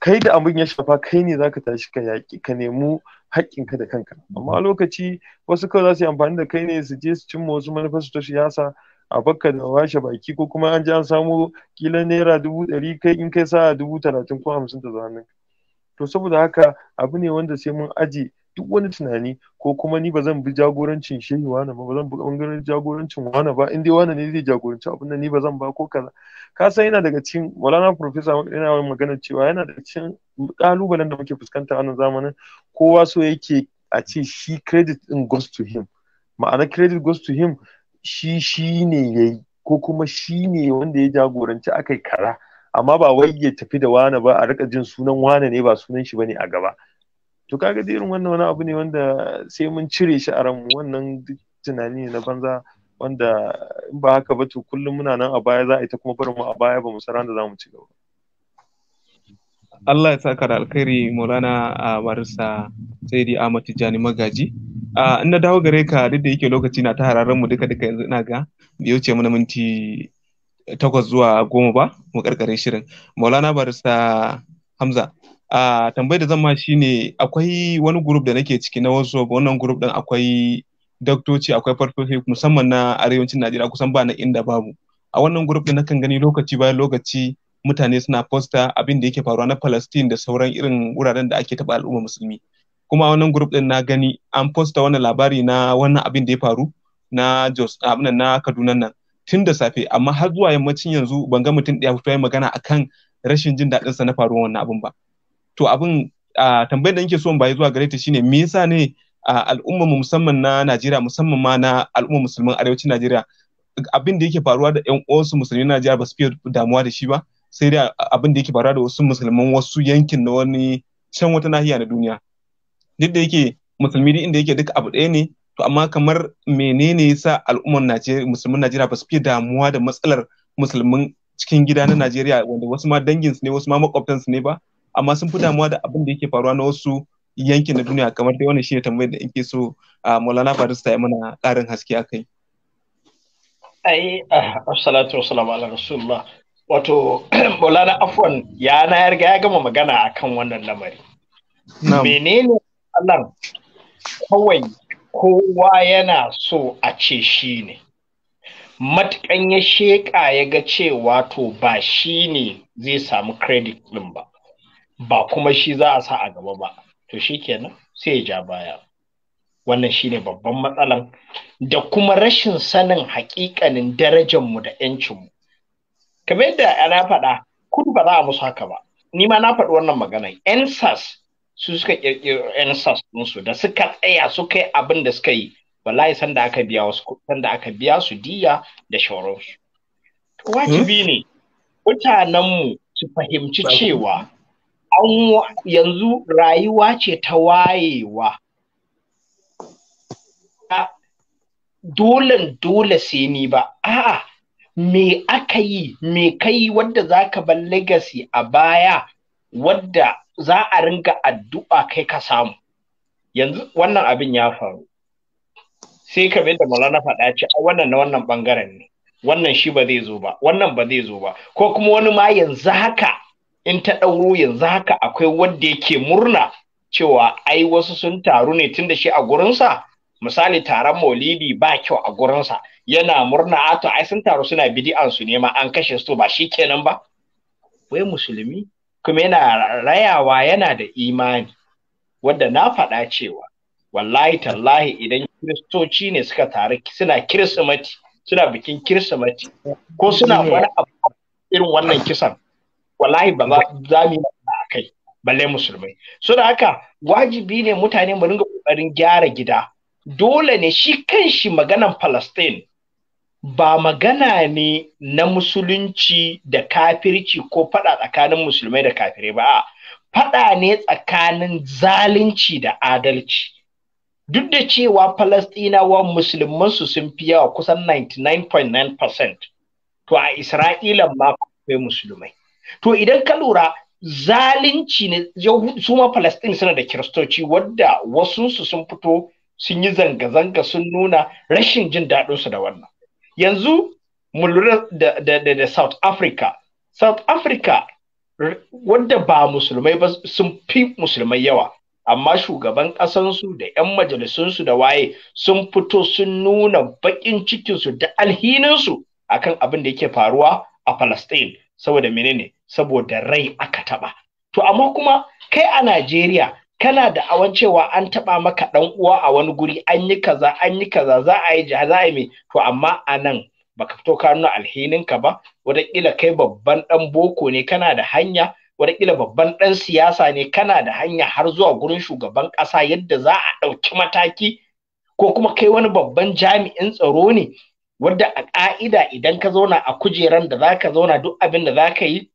C: kai da abin ya shafa kai ne zaka tashi ka yaƙi ka nemi haƙƙinka da kanka amma a lokaci wasu kawai za su yi amfani da kai ne su je su cimma wasu manufarsu ta siyasa a bakka da washe baki ko kuma an je an samo kila naira dubu ɗari kai in kai sa dubu talatin ko hamsin ta zo hannunka to saboda haka abu ne wanda sai mun aje duk wani tunani ko kuma ni ba zan bi jagorancin shehi wani ba ba zan bi ɓangaren jagorancin wani ba in dai wana ne zai jagoranci abin da ni ba zan ba ko kaza ka san yana daga cikin walana profesa yana magana cewa yana daga cikin kalubalen da muke fuskanta a nan zamanin kowa so yake a ce shi credit in goes to him ma'ana credit goes to him shi shi ne yayi ko kuma shi ne wanda ya jagoranci akai kara amma ba wai ya tafi da wane ba a rika jin sunan wane ne ba sunan shi bane a gaba to kaga dai irin wannan wani abu ne wanda sai mun cire shi a ranmu wannan duk tunani ne na banza wanda in ba haka ba to kullum muna nan a baya za a yi ta kuma barin mu a baya ba mu san randa za mu ci gaba
A: Allah ya saka da alkhairi Maulana a Saidi Ahmad Tijani Magaji. in na dawo gare ka duk da yake lokaci na ta hararen mu duka duka yanzu ina ga bai wuce mana minti takwas zuwa goma ba mu karkare shirin. Maulana Barisa Hamza a tambayar da zama shine akwai wani group da nake ciki na wasu wannan group din akwai daktoci akwai farfofi musamman na arewacin najeriya kusan ba na inda babu a wannan group din nakan gani lokaci bayan lokaci mutane suna fosta abin da yake faruwa na palestine da sauran irin wuraren da ake taɓa al'umma musulmi kuma a wannan group din na gani an fosta wannan labari na wannan abin da ya faru na jos abin na kaduna nan tun da safe amma har zuwa yammacin yanzu ban ga mutum ɗaya fito ya magana akan rashin jin daɗinsa na faruwa wannan abin ba to abin a tambayar da nake so in bayi zuwa gare ta shine me yasa ne al'ummar musamman na Najeriya musamman ma na al'ummar musulman arewacin Najeriya abin da yake faruwa da ƴan uwansu musulmi na Najeriya ba su fiye damuwa da shi ba sai dai abin da yake faruwa da wasu musulman wasu yankin na wani can wata nahiya na duniya duk da yake musulmi din inda yake duk abu ɗaya ne to amma kamar menene yasa al'ummar Najeriya musulmin Najeriya ba su fiye damuwa da matsalar musulmin cikin gida na Najeriya wanda wasu ma danginsu ne wasu ma makwabtansu ne ba amma sun fi damuwa da abin da yake faruwa na wasu yankin na duniya kamar dai wannan shine tambayar da yake so a Maulana Barista ya mana ƙarin haske akai
B: ai ah, assalatu wassalamu ala rasulullah wato Maulana Afwan ya na yarga ya gama magana akan wannan lamari menene Allah kawai kowa yana so a ce shi ne matukan ya sheƙa ya ga cewa to ba shi ne zai samu credit ɗin ba ba kuma shi za a sa a gaba ba to shi kenan sai ya ja baya wannan shine babban matsalan da kuma rashin sanin haƙiƙanin darajarmu da 'yancinmu kamar yadda na faɗa kudu ba za a musu haka ba ni ma na faɗi wannan magana ensas su suka ƙirƙiro ensas ɗinsu da suka tsaya suka yi abin da suka yi wallahi sanda aka biya wasu sanda aka biya su diya da shauransu wajibi hmm? ne mutanenmu su fahimci cewa yanzu rayuwa ce ta wayewa dolen dole sai ni ba a'a me aka yi me kai wadda za ka bar legacy a baya wadda za a ringa addu'a kai ka samu yanzu wannan abin ya faru sai ka da maulana faɗa ce a wannan na wannan bangaren ne wannan shi ba zai zo ba wannan ba zai zo ba ko kuma wani ma yanzu haka in ta ɗauro yanzu haka akwai wanda yake murna cewa ai wasu sun taru ne tun da shi a gurinsa misali taron maulidi ba kyau a gurinsa yana murna ato ah, ai sun taru suna bidi'an su nema an kashe su ba shi kenan ba wai musulmi kuma yana rayawa yana da imani wanda na faɗa cewa wallahi tallahi idan kiristoci ne suka taru suna kirsimati suna bikin kirsimati ko suna wani abu irin wannan kisan wallahi ba za mu yi a kai balle musulmai so da haka wajibi ne mutane mu ringa kokarin gyara gida dole ne shi kanshi maganan Palestine ba magana ne na musulunci da kafirci ko fada tsakanin musulmai da kafirai ba fada ne tsakanin zalunci da adalci duk da cewa Falastinawa musulmansu sun fi yawa kusan 99.9% to a Isra'ila ma akwai musulmai to idan ka lura zalunci ne su ma Palestine suna da kiristoci wadda wasu su sun fito sun yi zanga-zanga sun nuna rashin jin daɗinsu da wannan yanzu mu lura da, South Africa South Africa wadda ba musulmai ba sun fi musulmai yawa amma shugaban ƙasansu da 'yan majalisunsu da waye sun fito sun nuna baƙin cikinsu da alhininsu akan abin da yake faruwa a Palestine saboda menene saboda rai aka taɓa to amma kuma kai a Najeriya kana da awan cewa an taɓa maka ɗan uwa a wani guri an yi kaza an yi kaza za a yi za a yi mai to amma a nan baka fito ka nuna alhininka ba wadakila kai babban ɗan boko ne kana da hanya wadakila babban ɗan siyasa ne kana da hanya har zuwa gurin shugaban ƙasa yadda za a ɗauki mataki ko kuma kai wani babban jami'in tsaro ne wadda a ƙa'ida idan ka zauna a kujerar da za ka zauna duk abin da za ka yi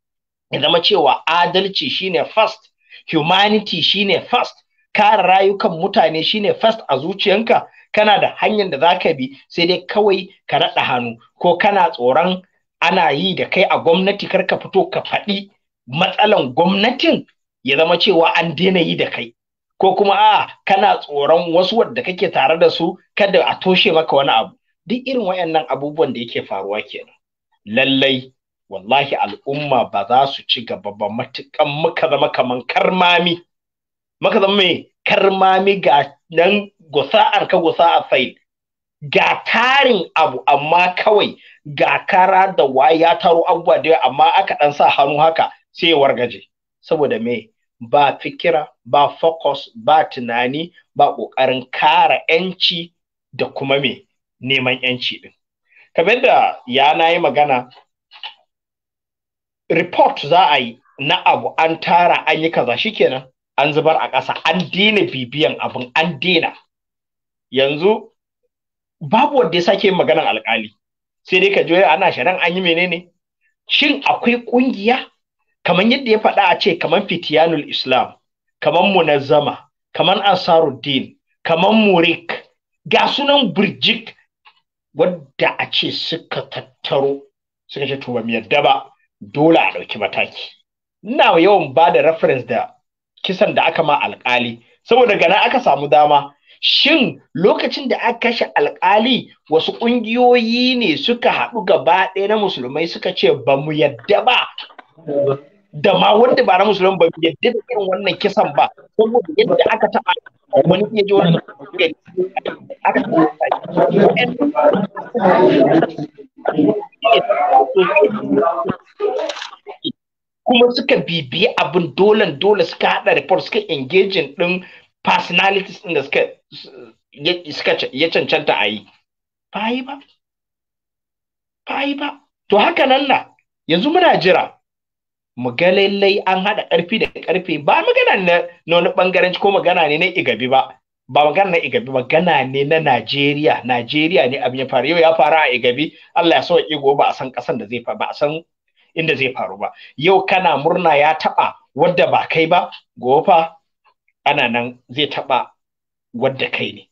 B: ya zama cewa adalci shine first humanity shine first kare rayukan mutane shine first a zuciyanka kana da hanyar da zaka bi sai dai kawai ka raɗa hannu ko kana tsoron ana yi da kai a gwamnati kar ka fito ka faɗi matsalan gwamnatin ya zama cewa an daina yi da kai ko kuma a kana tsoron wasu wadda kake tare da su kada a toshe maka wani abu duk irin wayannan abubuwan da yake faruwa kenan lallai wallahi al'umma ba za su ci gaba ba matukan muka zama kaman karmami muka zama mai karmami ga nan gusa'ar ka gusa'ar sai ga tarin abu amma kawai ga kara da waya taro abubuwa da amma aka dan sa hannu haka sai wargaje saboda me ba fikira ba focus ba tunani ba ƙoƙarin kara yanci da kuma me neman yanci din kamar da ya na yi magana report za a yi na abu an tara an yi kaza kenan, an zubar a ƙasa an daina bibiyan abin an daina yanzu babu wanda ya sake maganan alƙali sai dai ka joya ana sharan an yi menene shin akwai ƙungiya kamar yadda ya faɗa a ce kamar fitiyanul islam kamar munazzama kamar ansaruddin kamar murik ga sunan birjik wadda a ce suka tattaro suka ce to ba mu dole a ɗauki mataki ina yawan ba da reference da kisan da aka ma alƙali saboda gana aka samu dama shin lokacin da aka kashe alƙali wasu ƙungiyoyi ne suka haɗu gaba ɗaya na musulmai suka ce ba mu yadda ba da ma wanda ba na musulmai ba yadda da irin wannan kisan ba saboda yadda aka taɓa wani iya ji wani kuma suka bibiyi abin dole dole suka haɗa report suka engaging ɗin personalities din da suka ya cancanta a yi ba ba ba ba to haka nan na yanzu muna jira mu ga lallai an haɗa ƙarfi da ƙarfe ba magana na wani ɓangaranci ko magana ne na igabi ba ba magana na igabi magana ne na Najeriya Najeriya ne abin ya faru yau ya faru a igabi Allah ya sauke gobe ba a san kasan da zai faru ba a san inda zai faru ba yau kana murna ya taɓa wadda ba kai ba gobe fa ana nan zai taɓa wadda kai ne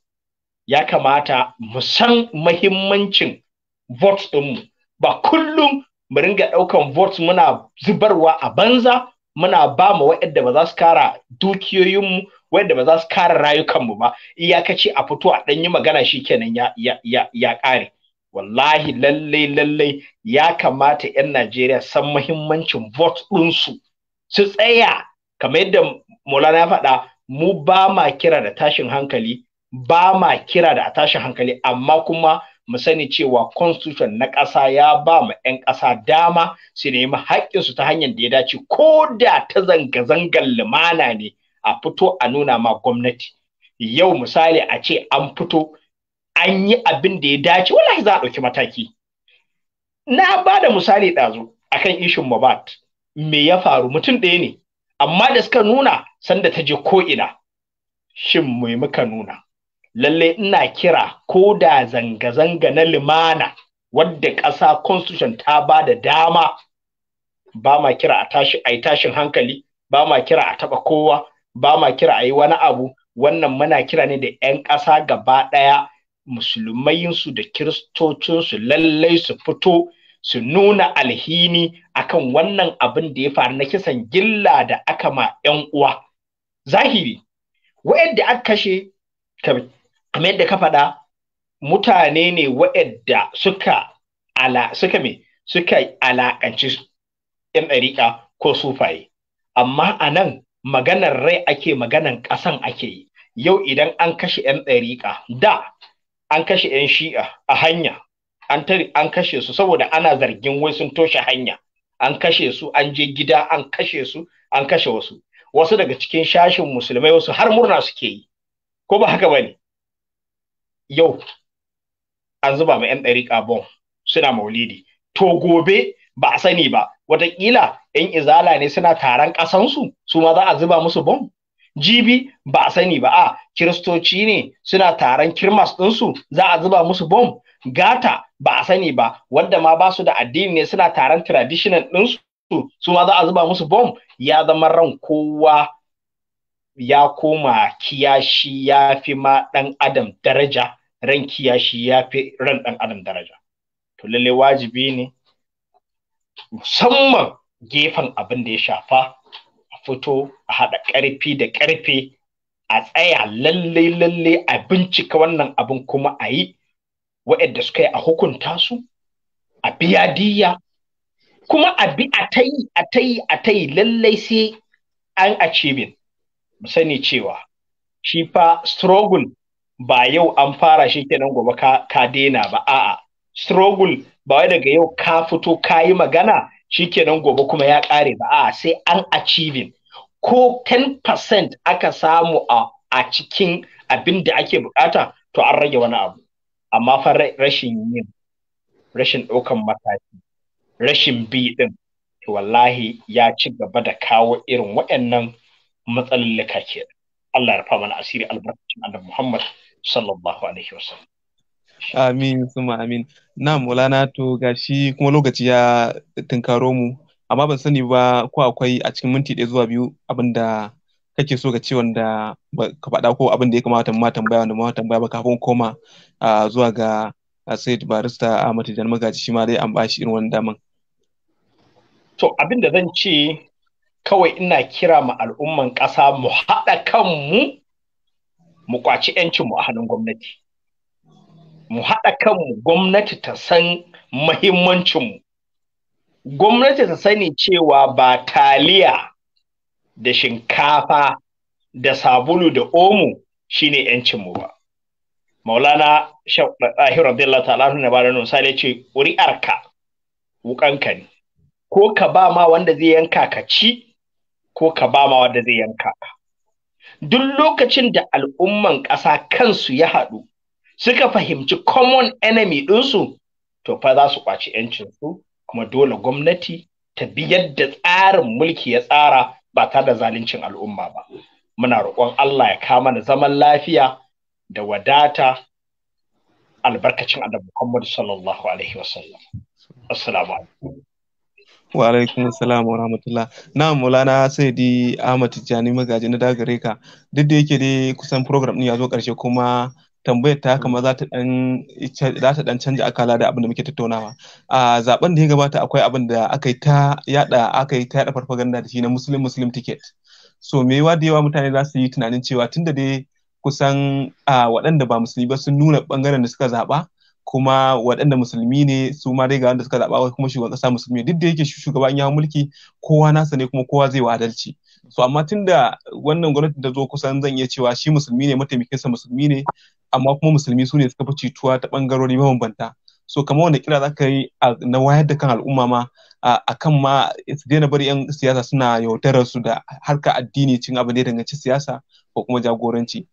B: ya kamata mu san muhimmancin votes ɗinmu ba kullum mu ringa ɗaukan votes muna zubarwa a banza muna ba mu waɗanda ba za su kara dukiyoyinmu wanda ba za su kare rayukanmu ba iyakaci a fito a ɗanyi yi magana shi kenan ya ya ya ƙare wallahi lallai lallai ya kamata 'yan Najeriya san mahimmancin vote ɗinsu su tsaya kamar yadda Maulana ya faɗa mu ba ma kira da tashin hankali ba ma kira da tashin hankali amma kuma mu sani cewa constitution na ƙasa ya ba mu 'yan ƙasa dama su nemi haƙƙinsu ta hanyar da ya dace ko da ta zanga-zangar lumana ne a fito a nuna ma gwamnati yau misali a ce an fito an yi abin da ya dace wallahi za a ɗauki mataki na ba da misali ɗazu akan ishin mabat me ya faru mutum ɗaya ne amma da suka nuna sanda ta je ko'ina shin mai muka nuna lalle ina kira ko da zanga-zanga na limana wadda ƙasa constitution ta ba da dama ba ma kira a tashin hankali ba ma kira a taɓa kowa ba ma kira a yi wani abu wannan muna kira ne da 'yan ƙasa gaba ɗaya musulmai su da kiristocinsu lallai su fito su nuna alhini akan wannan abin da ya faru na kisan gilla da aka ma 'yan uwa zahiri wa'yanda aka kashe kamar yadda ka faɗa mutane ne wa'yanda suka ala suka me suka alaƙanci 'yan ɗariƙa ko sufaye amma a nan maganar rai ake maganan ƙasan ake yi yau idan an kashe 'yan ɗariƙa da an kashe 'yan shi'a a hanya an tari an kashe su saboda ana zargin wai sun toshe hanya an kashe su an je gida an kashe su an kashe wasu wasu daga cikin shashin musulmai wasu har murna suke yi ko ba haka bane yau an zuba ma 'yan ɗariƙa bom suna maulidi to gobe ba a sani ba wataƙila yan izala ne suna taron ƙasansu su ma za a zuba musu bom jibi ba a sani ba a kiristoci ne suna taron kirmas ɗinsu za a zuba musu bom gata ba a sani ba wanda ma ba su da addini ne suna taron traditional ɗinsu su ma za a zuba musu bom ya zama ran kowa ya koma kiyashi ya fi ma ɗan adam daraja ran kiyashi ya fi ran ɗan adam daraja to lalle wajibi ne musamman gefen abin da ya shafa a fito a haɗa ƙarfi da ƙarfe a tsaya lallai lallai a bincika wannan abin kuma a yi wa'yanda suka yi a hukunta su a biya diya kuma a bi a ta yi a ta yi a ta yi lallai sai an achieving mu sani cewa shi fa struggle ba yau an fara shi kenan gobe ka, ka daina ba a'a struggle ba wai daga yau ka fito ka yi magana shikenan gobe kuma ya ƙare ba a sai an achieving ko 10% aka samu a a cikin abin da ake bukata to an rage wani abu amma fa rashin yin rashin ɗaukan mataki rashin bi to wallahi ya ci gaba da kawo irin waɗannan matsalolin ke Allah ya rufa mana asiri albarkacin annabi Muhammad sallallahu alaihi wasallam
A: Amin, suma amin. Na Maulana to gashi kuma lokaci ya tunkaro mu, amma ban sani ba ko akwai a cikin minti ɗaya zuwa biyu abinda kake so ka ce wanda ka faɗa ko abin da ya kamata ma tambaya wanda ma tambaya ba kafin koma zuwa ga ah, Said Barista Ahmad Tijjani Magaji shi ma dai an bashi irin wannan daman. To abin da zan ce
B: kawai ina kira ma al'umman ƙasa mu haɗa kanmu mu kwaci 'yancin mu a hannun gwamnati. mu haɗa kanmu gwamnati ta san muhimmancinmu gwamnati ta sani cewa ba taliya da shinkafa da sabulu da omo ne yancinmu ba maulana shahir abdullahi ta'ala na bada nusa ya ce ƙuri'arka wukanka ne ko ka ba ma wanda zai yanka ka ci ko ka ba ma wanda zai yanka ka duk lokacin da al'umman ƙasa kansu ya haɗu suka fahimci common enemy ɗinsu to fa za su kwaci su kuma dole gwamnati ta bi yadda tsarin mulki ya tsara ba tare da zaluncin al'umma ba muna roƙon Allah ya kama mana zaman lafiya da wadata albarkacin annabi Muhammad sallallahu alaihi wasallam assalamu alaikum
A: wa alaikum salam wa rahmatullah na mulana sai ahmad tijjani magaji na dagare ka duk da yake dai kusan program ɗin ya zo karshe kuma tambayar ta kama za ta dan canja akala da abin da muke tattaunawa a zaben da ya gabata akwai abin da aka yi ta yada aka yi ta yada farfaganda da shi na muslim muslim ticket so me yawa da yawa mutane za su yi tunanin cewa tunda dai kusan a waɗanda ba musulmi ba sun nuna bangaren da suka zaba kuma waɗanda musulmi ne su ma dai ga wanda suka zaɓa kuma shugaban ƙasa musulmi duk da yake shugaban ya mulki kowa nasa ne kuma kowa zai wa adalci so amma tunda wannan gwamnati ta zo kusan zan iya cewa shi musulmi ne mataimakinsa musulmi ne amma kuma musulmi su ne suka fi cituwa ta bangarori mabambanta so kamar wanda kira za ka yi na wayar da kan al'umma ma a kan ma su daina bari 'yan siyasa suna yaudarar su da harka addini cin abin da ya danganci siyasa ko kuma jagoranci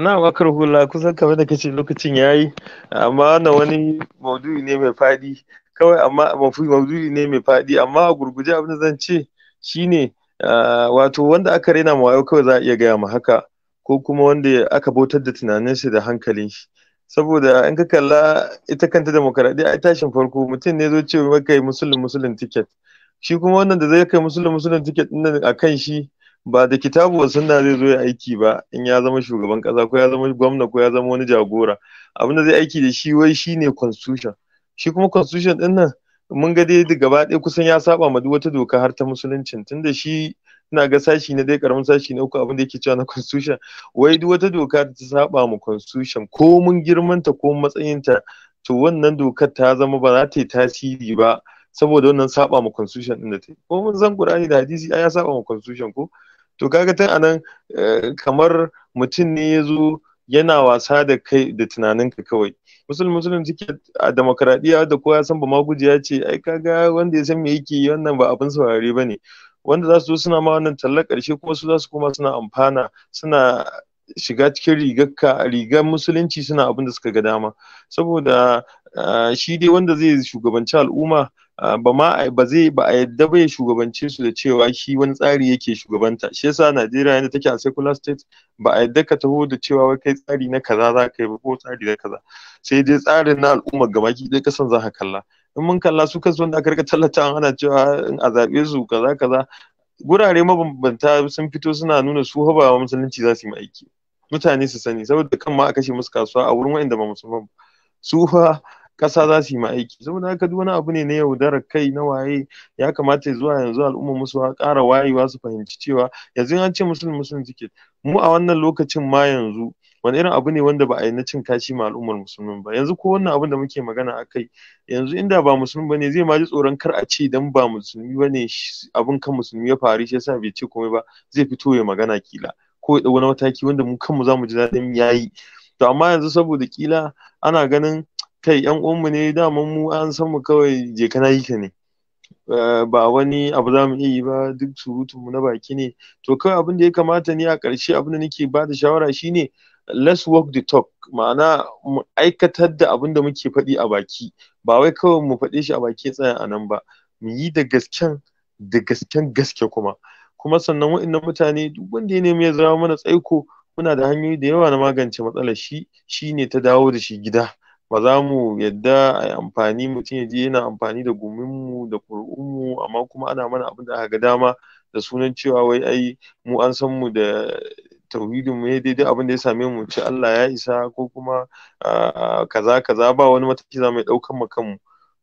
C: na wakar hula kusan kamar da kace lokacin ya yi amma na wani maudu'i ne mai faɗi kawai amma maudu'i ne mai faɗi amma a gurguje abin da zan ce shine eh, wato wanda aka raina ma kawai za a iya gaya ma haka ko kuma wanda aka bautar da tunaninsa da hankalin shi saboda in ka kalla ita kanta demokaradiyya ai tashin farko mutum ne zo ce maka musulun musulun ticket shi kuma wannan da zai kai musulun musulun ticket din a kan shi ba da kitabu wa sunna zai zo ya aiki ba in ya zama shugaban kasa ko ya zama gwamna ko ya zama wani jagora abin da zai aiki da shi wai shi ne constitution shi kuma constitution din nan mun ga dai gaba ɗaya kusan ya saba ma duk wata doka har ta musuluncin tunda shi ina ga sashi na dai karamin sashi na uku abin da yake cewa na constitution wai duk wata doka da ta saba mu constitution ko mun girmanta ko matsayinta to wannan dokar ta zama ba za ta yi tasiri ba saboda wannan saba mu constitution din da ta yi ko mun san Qur'ani da hadisi ai ya saba mu constitution ko to kaga tun anan eh, kamar mutum ne ya zo yana wasa da kai da tunaninka kawai musulun musulun suke a demokradiyya da kowa ya san ba ma gujiya ce ai kaga wanda ya san me yake yi. wannan ba abin saurare ba ne wanda za su zo suna ma wannan talla ƙarshe kuma su za su koma suna amfana suna shiga cikin rigar rigar musulunci suna abin da suka ga dama saboda ah, shi dai wanda zai shugabanci al'umma ah, ba ma ba zai ba a yadda ba ya shugabance su da cewa shi wani tsari yake shugabanta shi yasa Najeriya yanda take a secular state ba a yadda ka taho da cewa wai kai tsari na kaza za ka yi ba ko tsari na kaza sai dai tsarin na al'umma gabaki ɗaya kasan za ka kalla in mun kalla su kansu wanda aka rika tallata ana cewa a zaɓe su kaza kaza gurare mabambanta sun fito suna nuna su habawa musulunci za su yi aiki mutane su sani saboda kan ma a kashe musu kasuwa a wurin wa'inda ba musulman
A: su fa
C: kasa za su yi ma aiki saboda haka duk wani abu ne na yaudarar kai na waye ya kamata zuwa yanzu al'umma musu ƙara wayewa su fahimci cewa yanzu an ce musulun musulun suke mu a wannan lokacin ma yanzu wani irin abu ne wanda ba a yi na cin kashi ma al'ummar musulmin ba yanzu ko wannan abin da muke magana a kai yanzu inda ba musulmi bane zai ma ji tsoron kar a ce idan ba musulmi bane abin kan musulmi ya faru shi yasa bai ce komai ba zai fito ya magana kila ko ya wani mataki wanda mu kanmu zamu ji daɗin yayi to amma yanzu saboda kila ana ganin kai yan uwanmu ne dama mu an san mu kawai je kana yi ka ne eh, ba wani abu za mu iya yi ba duk surutun mu na baki ne to kawai abin da ya kamata ni a ƙarshe abin da nake ba da shawara shine let's walk the talk ma'ana mu aikatar da abin da muke faɗi a baki ba wai kawai mu faɗe shi a baki tsaya a nan ba mu yi da gasken da gasken gaske kuma kuma sannan wa'annan mutane duk wanda ya nemi ya zama mana tsaiko muna da hanyoyi da yawa na magance matsalar shi shi ne ta dawo da shi gida ba za mu yadda a yi amfani mutum ya je yana amfani da guminmu da ƙuri'unmu amma kuma ana mana abin da aka ga dama da sunan cewa wai ai mu an san mu da tauhidin mu daidai abin da ya same mu ce Allah ya isa ko kuma kaza kaza ba wani mataki za mu ɗaukan mu kanmu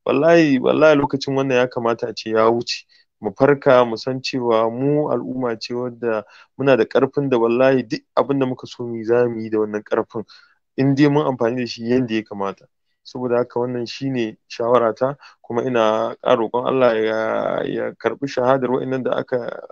C: wallahi wallahi lokacin wannan ya kamata a ce ya wuce mu farka mu san cewa mu al'umma ce wadda muna da karfin da wallahi duk abin da muka so mu za mu yi da wannan ƙarfin in dai mun amfani da shi yadda ya kamata saboda haka wannan shine shawarata kuma ina roƙon Allah ya karɓi shahadar wa'annan da aka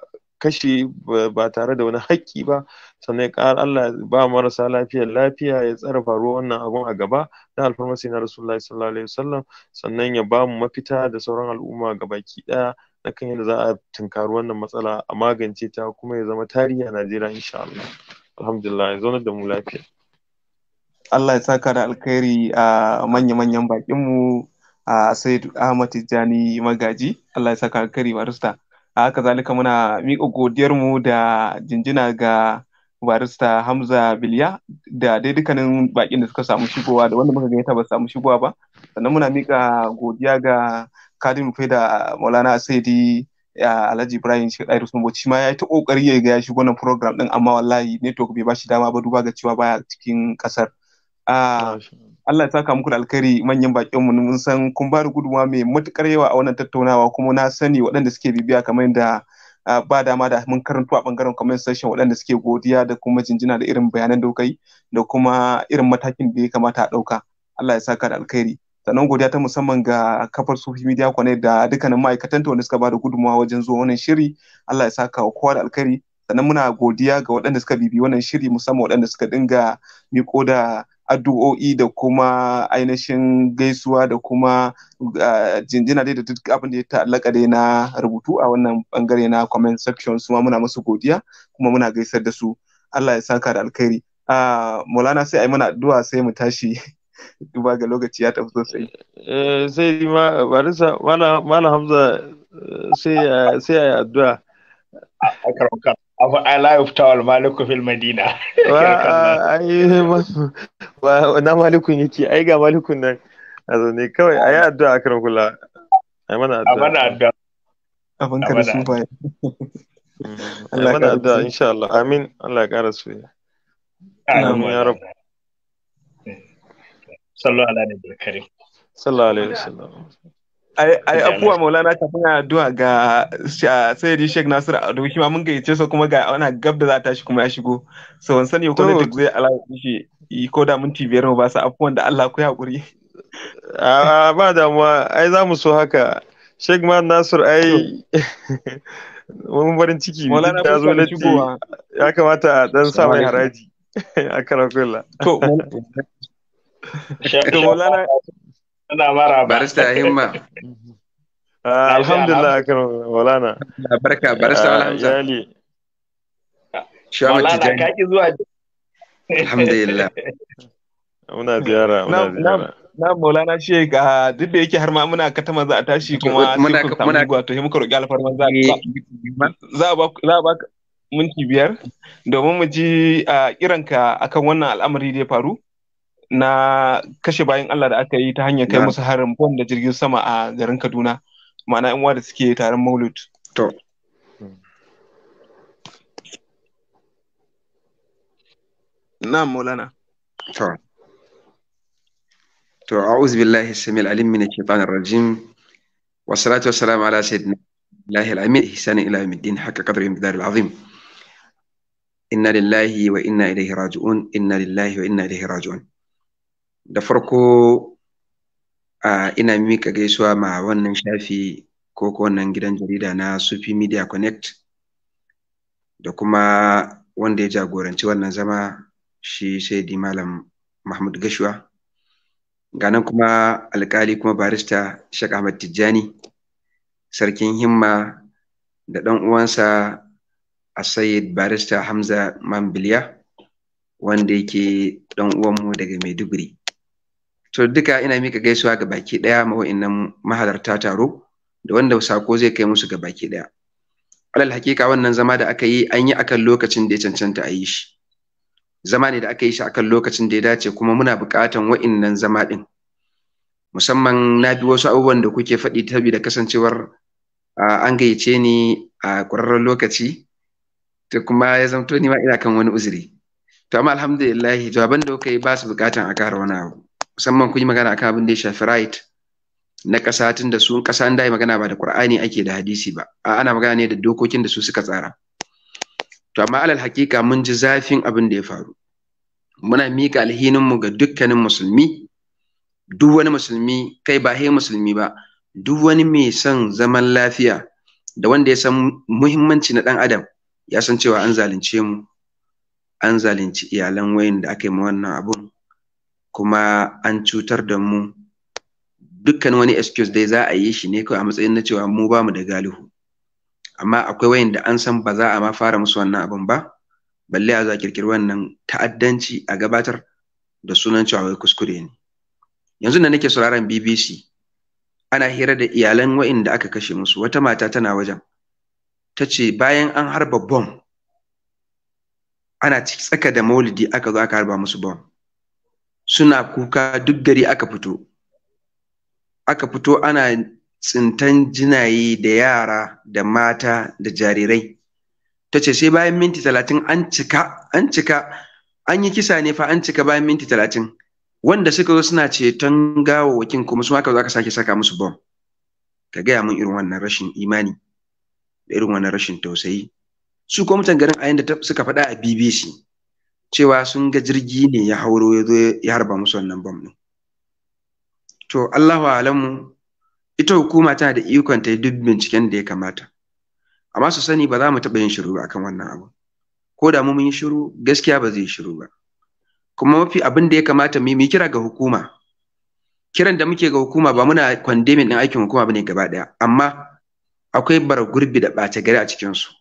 C: kashe ba tare da wani haƙƙi ba sannan ya ƙara Allah ba marasa lafiya lafiya ya tsara faruwa wannan abun a gaba na alfarmasi na rasulullahi sallallahu alaihi wasallam sannan ya ba mu mafita da sauran al'umma ga baki ɗaya na kan yadda za a tunkari wannan matsala a magance ta kuma ya zama tarihi a Najeriya insha Allah alhamdulillah
A: ya zauna da mu lafiya Allah ya saka da alkhairi a manya-manyan bakinmu a Said Ahmad Tijjani Magaji Allah ya saka alkhairi barista a haka zalika muna miƙa godiyarmu da jinjina ga barista Hamza Bilya da dai dukkanin bakin da suka samu shigowa da wanda muka ta ba samu shigowa ba sannan muna miƙa godiya ga Kadin Rufe da Maulana Asedi eh, Alhaji Ibrahim Shekaru shi ma ya yi ta kokari ya ga ya shigo wannan program din amma wallahi network bai ba shi dama ba duba ga cewa baya cikin kasar. Ah, Allah ya saka muku da alkhairi manyan bakin mu mun san kun ba da gudunmawa mai matukar yawa a wannan tattaunawa kuma na sani waɗanda suke bibiya kamar da ah, ba dama da mun karanto a bangaren comment section waɗanda suke godiya da kuma jinjina da irin bayanan da kuka yi da kuma irin matakin da ya kamata a ɗauka. Allah ya saka da alkhairi. sannan godiya ta musamman ga kafar sufi media connect da dukkanin ma'aikatanta wanda suka ba da gudunmawa wajen zuwa wannan shiri Allah ya saka wa kowa da alkhairi sannan muna godiya ga waɗanda suka bibi wannan shiri musamman waɗanda suka dinga miƙo da addu'o'i da kuma ainihin gaisuwa da kuma jinjina dai da duk abin da ya ta'allaka dai na rubutu a wannan bangare na comment section su ma muna musu godiya kuma muna gaisar da su Allah ya saka da alkhairi Maulana sai a yi mana addu'a sai mu tashi duba ga lokaci ya tafi sosai. Eh,
C: eh, sai ma barisa mana Hamza sai sai
B: yi addu'a. A abu ala yuftawal maliku fil madina
C: wa na malikun yake ai ga malikun nan a zaune kawai a yi addu'a akan kula A mana addu'a mana addu'a
A: abin ka su bai mm. Allah mana addu'a insha
C: Allah amin Allah ya kara su ya amin ya rabb sallallahu alaihi wa sallam
A: ai abubuwa maulana kafin a addu'a ga sayyidi sheikh nasir A'du shi ma mun gayyace sa kuma ga ana gab da za ta shi kuma ya shigo so wani sani ko da zai alaƙa shi ko da mun biyar mu ba su abubuwan da Allah ku hakuri
C: a ba damuwa ai za mu so haka sheikh ma nasir ai wani barin ciki ta zo latti ya kamata a dan sa mai haraji a karakulla to maulana
B: Ina mara ba. Barista himma.
C: Ah, alhamdulillah akan walana. Barka barista wala ah, hamza. Shawama Tijani. Walana
B: kaki zuwa.
A: Alhamdulillah. Muna ziyara, muna ziyara. na maulana shi ga ah, duk da yake har ma muna kata maza a tashi kuma muna muna gwa to muka roki alfarman za za eh, ba za ba minti biyar domin mu ji a kiranka akan wannan al'amari da ya faru na kashe bayan Allah da aka yi ta hanyar kai musu harin bom da jirgin sama a garin Kaduna ma'ana yan uwa da suke taron Maulud to na Maulana
D: to to a'udhu billahi samil alim min shaitanir rajim wa salatu wa salam ala sayyidina lahi الله العميد إحسان إلى يوم الدين حق قدر inna lillahi wa inna وإنا إليه inna lillahi wa inna إليه راجعون da farko uh, ina mika gaisuwa ma wannan shafi ko wannan gidan jarida na sufi media connect da kuma wanda ya jagoranci wannan zama shi shaidi malam mahmud gashuwa ganan kuma alkali kuma barista shek ahmad tijjani sarkin himma da ɗan uwansa a sayid barista hamza mambiliya wanda yake ɗan uwanmu daga maiduguri to duka ina mika gaisuwa ga baki daya ma wa'annan mahalarta taro da wanda sako zai kai musu ga baki daya alal hakika wannan zama da aka yi an yi akan lokacin da ya cancanta a yi shi zama ne da aka yi shi akan lokacin da ya dace kuma muna buƙatan wa'annan zama din musamman na bi wasu abubuwan da kuke faɗi ta da kasancewar an gayyace ni a ƙwararren lokaci ta kuma ya zamto ni ma ina kan wani uzuri to amma alhamdulillah jawaban da kuka yi ba su buƙatan a kara wani abu musamman kun yi magana akan abin da ya shafi right na ƙasa tun da su ƙasa an dai magana ba da Qur'ani ake da hadisi ba a ana magana ne da dokokin da su suka tsara to amma alal hakika mun ji zafin abin da ya faru muna mika alhinin mu ga dukkanin musulmi duk wani musulmi kai ba he musulmi ba duk wani mai son zaman lafiya da wanda ya san muhimmanci na ɗan adam ya san cewa an zalunce mu an zalunci iyalan wayin da aka yi wannan abun kuma an cutar da mu dukkan wani excuse dai za a yi shi ne kawai a matsayin na cewa mu ba mu da galihu amma akwai da an san ba za a ma fara musu wannan abin ba balle a za kirkiri wannan ta'addanci a gabatar da sunan cewa wai kuskure ne yanzu da nake sauraron BBC ana hira da iyalan wa'inda aka kashe musu wata mata tana wajen ta ce bayan an harba bom ana tsaka da maulidi aka zo aka harba musu bom suna kuka duk gari aka fito aka fito ana tsintan jinaye da yara da mata da jarirai ta ce sai bayan minti talatin an cika an cika an yi kisa ne fa an cika bayan minti talatin wanda suka zo suna ceton gawawwakin kuma su aka zo aka sake saka musu bom ka gaya mun irin wannan rashin imani da irin wannan rashin tausayi su kuma mutan garin a yanda suka faɗa a bbc cewa sun ga jirgi ne ya hauro ya zo ya harba musu wannan bam ɗin to Allahu alamu ita hukuma tana da ikon ta duk binciken da ya kamata amma su sani ba za mu taɓa yin shiru ba akan wannan abu ko da mu mun yi shiru gaskiya ba zai shiru ba kuma mafi abin da ya kamata mu yi kira ga hukuma kiran da muke ga hukuma ba muna kwandemin ɗin aikin hukuma bane gaba ɗaya amma akwai bara gurbi da ɓata gari a cikinsu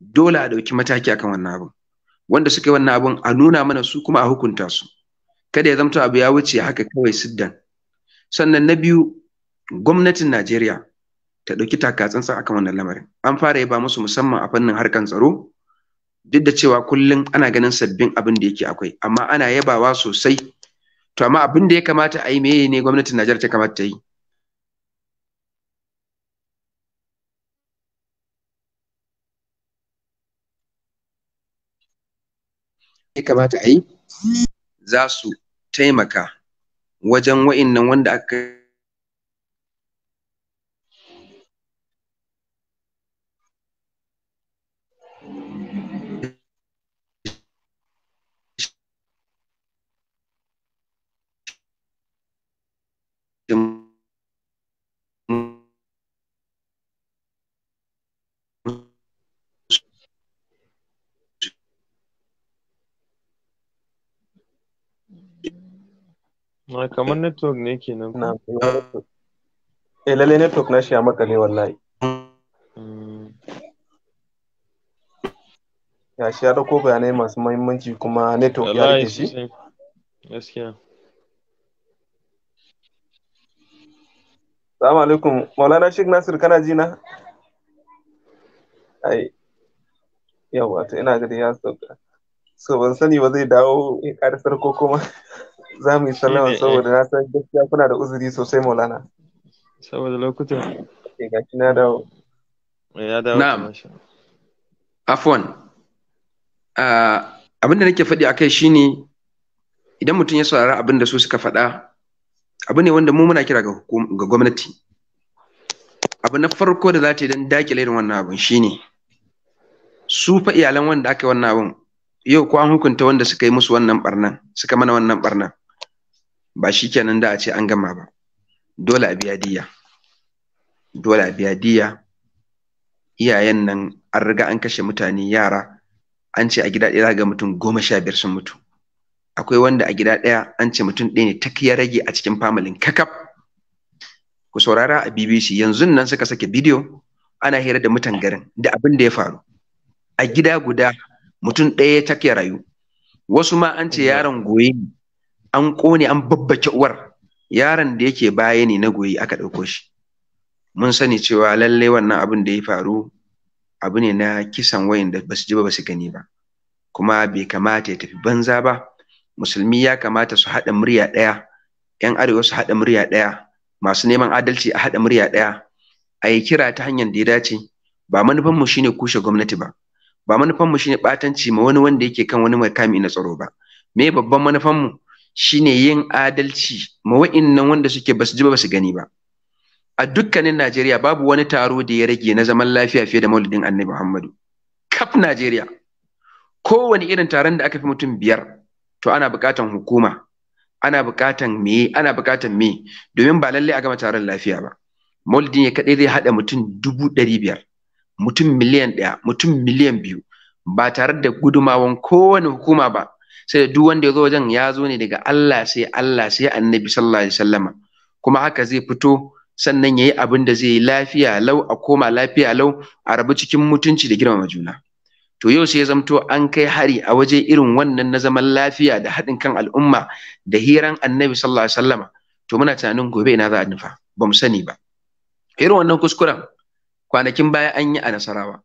D: dole a ɗauki mataki akan wannan abu. wanda suka wannan abun a nuna mana su kuma a hukunta su kada ya zamto abu ya wuce haka kawai siddan sannan na biyu gwamnatin Najeriya ta ɗauki takatsantsan akan wannan lamarin an fara yaba musu musamman a fannin harkan tsaro duk da cewa kullum ana ganin sabbin abin da yake akwai amma ana yabawa sosai to amma abin da ya kamata a yi meye ne gwamnatin Najeriya ta kamata ta yi ya kamata a yi za su taimaka wajen nan wanda aka
C: Na kamar network ne ke nan Na
A: kamar eh, network na shi ya makale wallahi hmm. ya shi ya dauko bayanai masu mahimmanci kuma network ya rike shi gaskiya Salamu alaikum, Maulana Sheikh Nasir kana ji na? Ai, yawa, to ina gari ya sauka. So ban sani ba zai dawo ya ƙarasar ko kuma. za mu yi sallama saboda eh. na san gaskiya kuna da uzuri sosai maulana saboda lokutan ke eh, gashi na dawo
D: eh, ya dawo na'am afwan abin da nake faɗi akai shine idan mutum ya saurari abin da su suka faɗa abu ne wanda mu muna kira ga gwamnati abu na farko da za ta yi don dakile irin wannan abin shine su fa iyalan wanda aka yi wannan abin yau ko an hukunta wanda suka yi musu wannan barnan suka mana wannan barnan ba shi kenan da a ce an gama ba dole a biya diya dole a biya diya iyayen nan an riga an kashe mutane yara an ce a gida ɗaya ga mutum goma sha biyar sun mutu akwai wanda a gida ɗaya an ce mutum ɗaya ne tak ya rage a cikin familin kakaf ku saurara a bbc yanzu nan suka sake bidiyo ana hira da mutan garin da abin da ya faru a gida guda mutum ɗaya tak ya rayu wasu ma an ce yaron goyi ne an ƙone an babbace uwar yaron da yake baya ne na goyi aka ɗauko shi mun sani cewa lalle wannan abin da ya faru abu ne na kisan wayan da basu ji ba basu gani ba kuma bai kamata ya tafi banza ba musulmi ya kamata su haɗa murya ɗaya yan arewa su haɗa murya ɗaya masu neman adalci a haɗa murya ɗaya a yi kira ta hanyar da ya dace ba manufan mu shine kushe gwamnati ba ba manufan mu shine batanci ma wani wanda yake kan wani makami na tsaro ba me babban manufan mu shine yin adalci ma wa'innan wanda suke basu ji ba su gani ba a dukkanin Najeriya babu wani taro da ya rage na zaman lafiya fiye da maulidin Annabi Muhammadu kaf Najeriya kowane irin taron da aka fi mutum biyar to ana buƙatan hukuma ana buƙatan me ana buƙatan me domin ba lallai a gama taron lafiya ba maulidin ya kaɗai zai haɗa mutum dubu ɗari biyar mutum miliyan ɗaya mutum miliyan biyu ba tare da gudumawan kowane hukuma ba sai duk wanda ya zo wajen ya zo ne daga Allah sai Allah sai annabi sallallahu alaihi wasallama kuma haka zai fito sannan yayi abin da zai yi lafiya lau a koma lafiya lau a rabu cikin mutunci da girmama juna to yau sai ya zamto an kai hari a waje irin wannan na zaman lafiya da haɗin kan al'umma da hiran annabi sallallahu alaihi wasallama to muna tunanin gobe ina za a nufa ba mu sani ba irin wannan kuskuren kwanakin baya an yi a nasarawa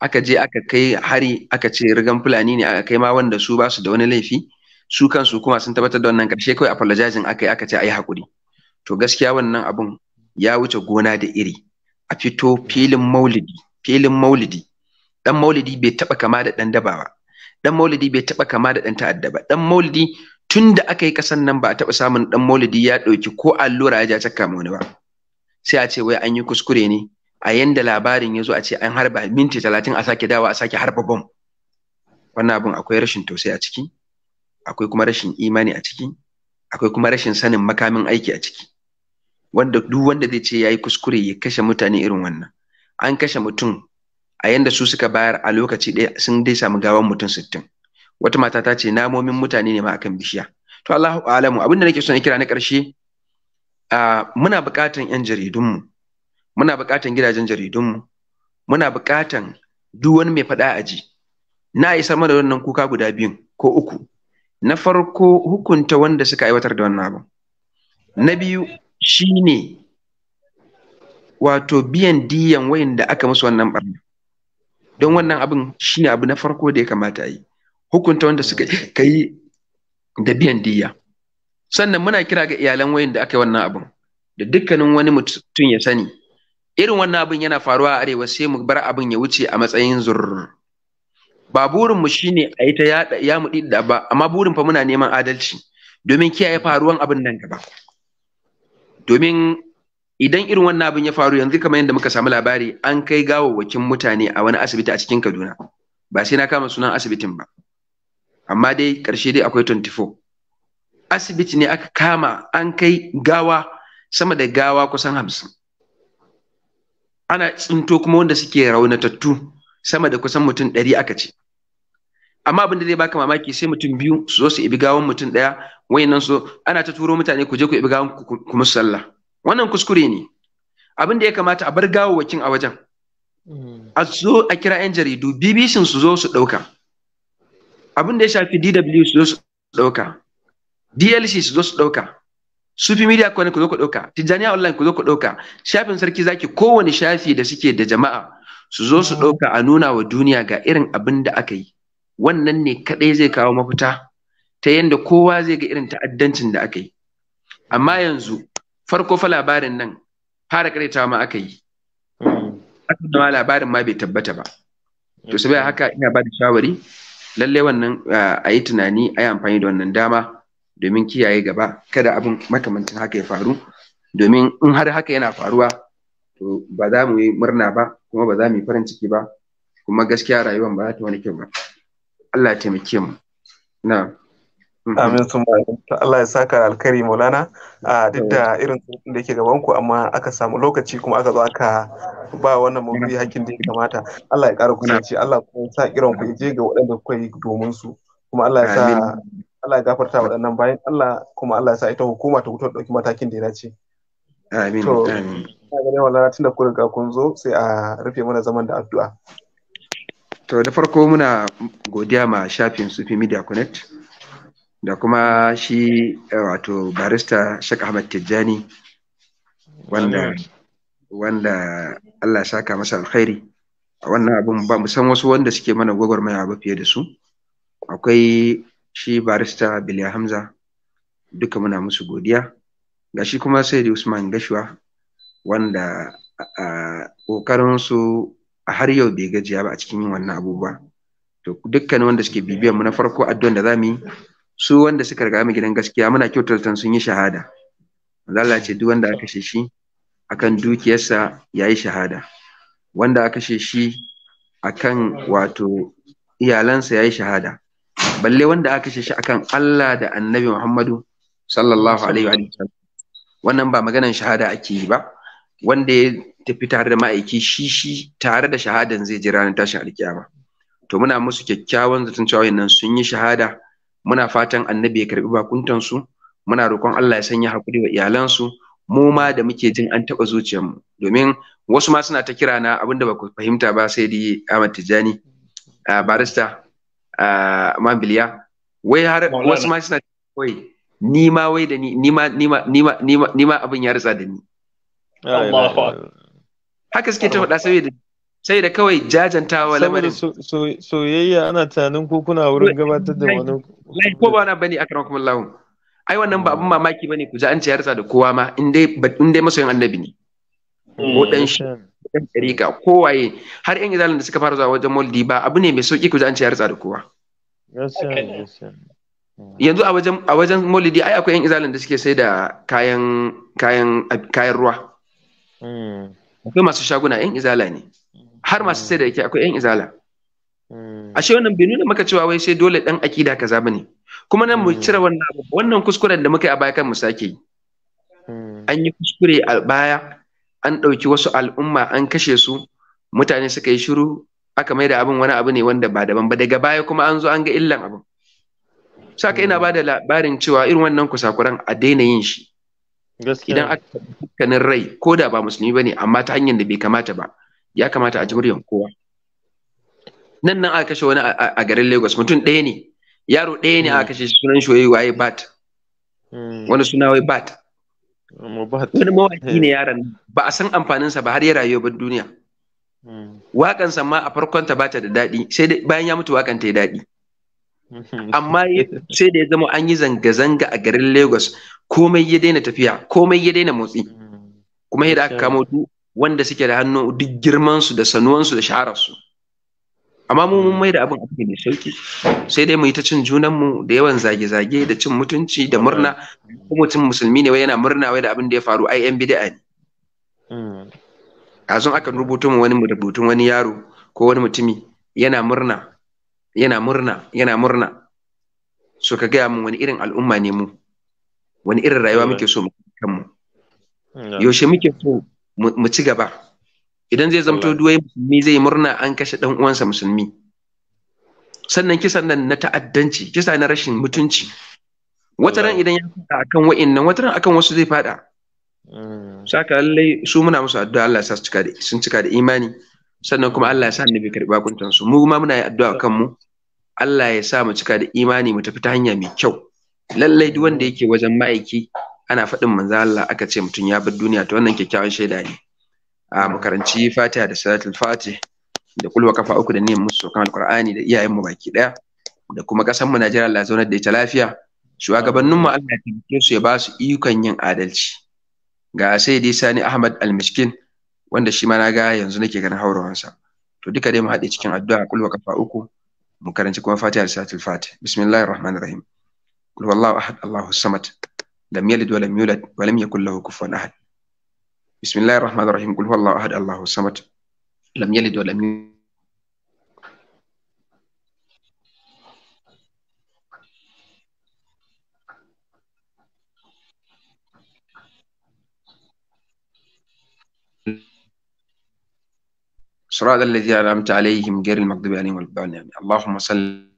D: aka je aka kai hari aka ce rigan fulani ne aka kai ma wanda su basu da wani laifi su kansu kuma sun tabbatar da wannan karshe kawai apologizing aka yi aka ce ayi hakuri to gaskiya wannan abun ya wuce gona da iri a fito filin maulidi filin maulidi dan maulidi bai taba kama da dan daba ba dan maulidi bai taba kama da dan ta'adda ba dan maulidi tun da aka yi kasan nan ba a taba samun dan maulidi ya dauki ko allura ya ja cakka wani ba sai a ce wai an yi kuskure ne a yanda labarin ya zo a ce an harba minti talatin a sake dawa a sake harba bom wannan abin akwai rashin tausayi a ciki akwai kuma rashin imani a ciki akwai kuma rashin sanin makamin aiki a ciki wanda duk wanda zai ce yayi kuskure ya kashe mutane irin wannan an kashe mutum a yanda su suka bayar a lokaci ɗaya sun dai samu gawan mutum sittin wata mata ta ce namomin mutane ne ma akan bishiya to Allahu alamu abin da nake so na kira na ƙarshe muna buƙatan 'yan jaridunmu muna buƙatan gidajen jaridunmu muna buƙatan duk wani mai faɗa a ji, na isa mana wannan kuka guda biyun ko uku na farko hukunta wanda suka aiwatar da wannan abu na biyu shine wato biyan diyan wayan da aka musu wannan barna don wannan abin shine abu na farko da ya kamata a yi hukunta wanda suka kai da biyan diya sannan muna kira ga iyalan wayan da aka yi wannan abin da dukkanin wani mutum ya sani irin wannan abin yana faruwa a arewa sai mu bar abin ya wuce a matsayin zur ba burin mu shine a yi ta ya mu da ba amma burin fa muna neman adalci domin kiyaye faruwan abin nan gaba domin idan irin wannan abin ya faru yanzu kamar yadda muka samu labari an kai gawawwakin mutane a wani asibiti a cikin Kaduna ba sai na kama sunan asibitin ba amma dai ƙarshe dai akwai 24 asibiti ne aka kama an kai gawa sama da gawa kusan hamsin ana tsinto kuma wanda suke raunatattu sama da kusan mutum ɗari aka ce amma abin da zai baka mamaki sai mutum biyu su zo su ibi gawan mutum ɗaya wayannan su ana ta turo mutane ku je ku ibi gawan ku musu sallah wannan kuskure ne abin da ya kamata a bar gawawwakin a wajen hmm. a zo a kira 'yan jaridu bbc su zo su ɗauka abin da ya shafi dw su zo su ɗauka dlc su zo su ɗauka Sufi Media ne ku zo ku ɗauka, Tijjaniya Online ku zo ku ɗauka, shafin Sarki Zaki kowane shafi da suke da jama'a su zo su ɗauka a nuna wa duniya ga irin abin da aka yi. Wannan ne kaɗai zai kawo mafita ta yadda kowa zai ga irin ta'addancin da aka yi. Amma yanzu farko fa labarin nan fara karetawa ma aka yi. Aka ma labarin ma bai tabbata ba. To saboda haka ina ba da shawari lallai wannan eh, a yi tunani a yi amfani da wannan dama. domin kiyaye gaba kada abin makamancin haka ya faru domin in har haka yana faruwa to ba za mu yi murna ba kuma ba za mu yi farin ciki ba kuma gaskiya rayuwar ba za ta wani kyau ba Allah ya taimake mu na mm-hmm. Amin sun ta Allah ya saka alkari Maulana a duk da irin tsohon da
A: yake gaban ku amma aka samu lokaci kuma aka zo aka ba wannan mawuri hakkin da ya kamata Allah ya ƙara kusanci Allah kuma ya sa irin ku je ga waɗanda kuka yi domin su kuma Allah ya sa Allah ya gafarta waɗannan bayan Allah kuma Allah ya sa ita hukuma ta wutar ɗauki matakin da ya dace.
D: Amin. Amin.
A: Ina ganin wani tun da kun riga kun zo sai a rufe mana zaman da addu'a.
D: To da farko muna godiya ma shafin Sufi Media Connect da kuma shi wato barista Sheikh Ahmad Tijjani wanda wanda Allah ya saka masa alkhairi a wannan abun ba mu san wasu wanda suke mana gwagwarmaya ba fiye da su akwai shi barista Biliya Hamza duka muna musu godiya ga shi kuma sai Usman Gashuwa wanda ƙoƙarinsu har yau bai gajiya ba a cikin yin wannan abubuwa to dukkanin wanda suke bibiyan mu na farko addu'an da zamu yi su wanda suka riga mu gidan gaskiya muna kyautata sun yi shahada Allah ce duk wanda aka shi akan dukiyarsa yayi shahada wanda aka shi akan wato iyalansa yayi shahada balle wanda aka kashe shi akan Allah da annabi Muhammadu sallallahu alaihi wa sallam wannan ba maganan shahada ake yi ba wanda ya tafi tare da ma'aiki shi shi tare da shahadan zai ji ranar tashin alkiyama to muna musu kyakkyawan zaton cewa nan sun yi shahada muna fatan annabi ya karbi bakuntan su muna roƙon Allah ya sanya hakuri wa iyalansu mu ma da muke jin an taɓa zuciyarmu domin wasu ma suna ta kira na abinda ba ku fahimta ba sai dai Ahmad Tijani barista Ah, man biliya wai har wasu ma suna wai ni ma wai da ni ni ma ni ma ni ma ni ma, abin ya ritsa da ni haka suke ta faɗa saboda sai da kawai jajantawa lamarin
C: soyayya ana tunanin ko kuna wurin gabatar da
D: wani ko ba na bane akramakum Allah ai wannan ba abin mamaki bane ku ji an ci ya ritsa da kowa ma in dai in dai masoyin annabi ne
C: hmm. ko dan shi
D: ɗan ɗariƙa kowaye har yan izalin da suka fara zuwa wajen moldi ba abu ne mai sauƙi ku ji an ce ya ritsa da kowa yanzu a wajen a wajen ai akwai yan izalin da suke sai da kayan kayan kayan ruwa mm. akwai masu shaguna yan izala ne har masu mm. sai da yake akwai yan izala mm. ashe wannan bai nuna maka cewa wai sai dole dan akida kaza ne. kuma nan mu cire wannan wannan kuskuren da muka yi a baya kan mu sake yi an yi kuskure a baya an ɗauki wasu al'umma an kashe su mutane suka yi shiru aka mai da abin wani abu ne wanda ba daban ba daga baya kuma an zo an ga illan abin saka ina hmm. ba da labarin cewa irin wannan kusakuran a daina yin shi idan aka dukkanin rai ko da ba musulmi ba ne amma ta hanyar da bai kamata ba ya kamata a ji muryan kowa nan nan aka kashe wani a garin lagos mutum ɗaya ne yaro ɗaya ne hmm. aka kashe sunan shi waye bat hmm. wani suna wai bat wani mawaki ne eh. yaran ba a san amfaninsa ba har ya rayu ban duniya hmm. Waƙan ma a farkon ta bata da daɗi sai bayan ya mutu waƙan ta yi daɗi amma sai da ya zama an yi zanga-zanga a garin lagos komai ya daina tafiya komai ya daina motsi hmm. kuma yadda aka kamo duk wanda suke da hannu duk girmansu da sanuwansu da shahararsu amma mu mun mai da abin a mai sauki sai dai mu yi ta cin junanmu da yawan zage-zage da cin mutunci da murna ko mutum musulmi ne wai yana murna wai da abin da ya faru ai yan bid'a ne a zon aka rubuto mu wani rubutun wani yaro ko wani mutumi yana murna yana murna yana murna so ka gaya mu wani irin al'umma ne mu wani irin rayuwa muke so mu kanmu mm, yaushe muke so mu ci gaba idan zai zamto duwai musulmi zai murna an kashe dan uwansa musulmi sannan kisan nan na ta'addanci kisa na rashin mutunci wata ran idan ya fada akan wa'annan wata ran akan wasu zai fada hmm. saka lallai su muna musu addu'a Allah ya sa sun cika da imani sannan kuma Allah ya sa annabi karba kuntan su mu ma muna yi addu'a kan mu Allah ya sa mu cika da imani mu tafi ta hanya mai kyau lallai duk wanda yake wajen ma'aiki ana faɗin manzo Allah aka ce mutum ya bar duniya to wannan kyakkyawan shaida ne a fatiha da salatul fatih da kulwa kafa uku da niyyar musu kan alqur'ani da iyayen mu baki daya da kuma kasan mu Najeriya Allah zaunar da ita lafiya shugabannin mu Allah ya tabbake su ya ba su ikon yin adalci ga sai dai Sani Ahmad almiskin wanda shi ma na yanzu nake ganin haurawansa to duka dai mu haɗe cikin addu'a kulwa kafa uku mu karanci kuma fatiha da salatul fatih bismillahir rahmanir rahim qul huwallahu ahad allahu samad lam yalid walam yulad walam yakul lahu kufuwan ahad بسم الله الرحمن الرحيم قل هو الله احد الله الصمد لم يلد ولم يولد صراط الذي انعمت عليهم غير المغضوب عليهم ولا الضالين اللهم صل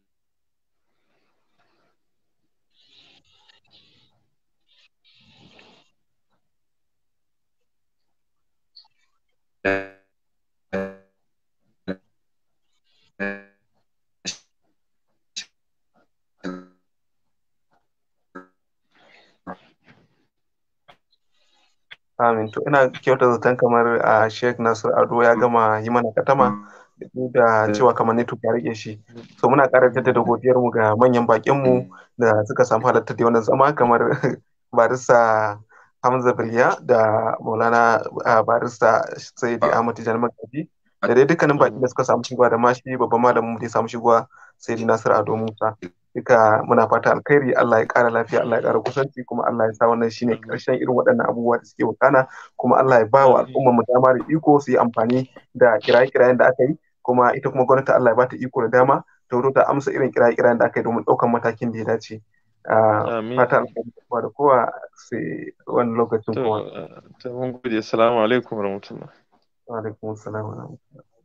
A: Amin to ina kyauta zaton kamar a Sheikh Nasir Ado ya gama yi mana katama da cewa kamar ne tuka rike shi. So muna ƙara jaddada godiyar mu ga manyan bakin mu da suka samu halarta da wannan zama kamar barisa Hamza Biliya da Maulana Barista Sayyidi ah. Ahmad Tijjani Magaji ah. da dai dukkanin baki da suka samu shigowa da mashi babban malamin mu da ya samu shigowa Sayyidi Nasir Ado Musa duka muna fata alkhairi Allah ya kara lafiya Allah ya kara kusanci kuma Allah ya sa wannan shine karshen irin waɗannan abubuwa da suke wakana kuma Allah ya ba wa al'umma mu dama da iko su yi amfani da kiraye-kirayen da aka yi kuma ita kuma gwamnati Allah ya ba ta iko da dama ta ta amsa irin kiraye-kirayen da aka yi domin ɗaukan matakin da ya dace. Ah, fata alkhairi da kowa sai wani lokacin Ta ah, mun
C: gode, salamu alaikum
A: Wa alaikum salam wa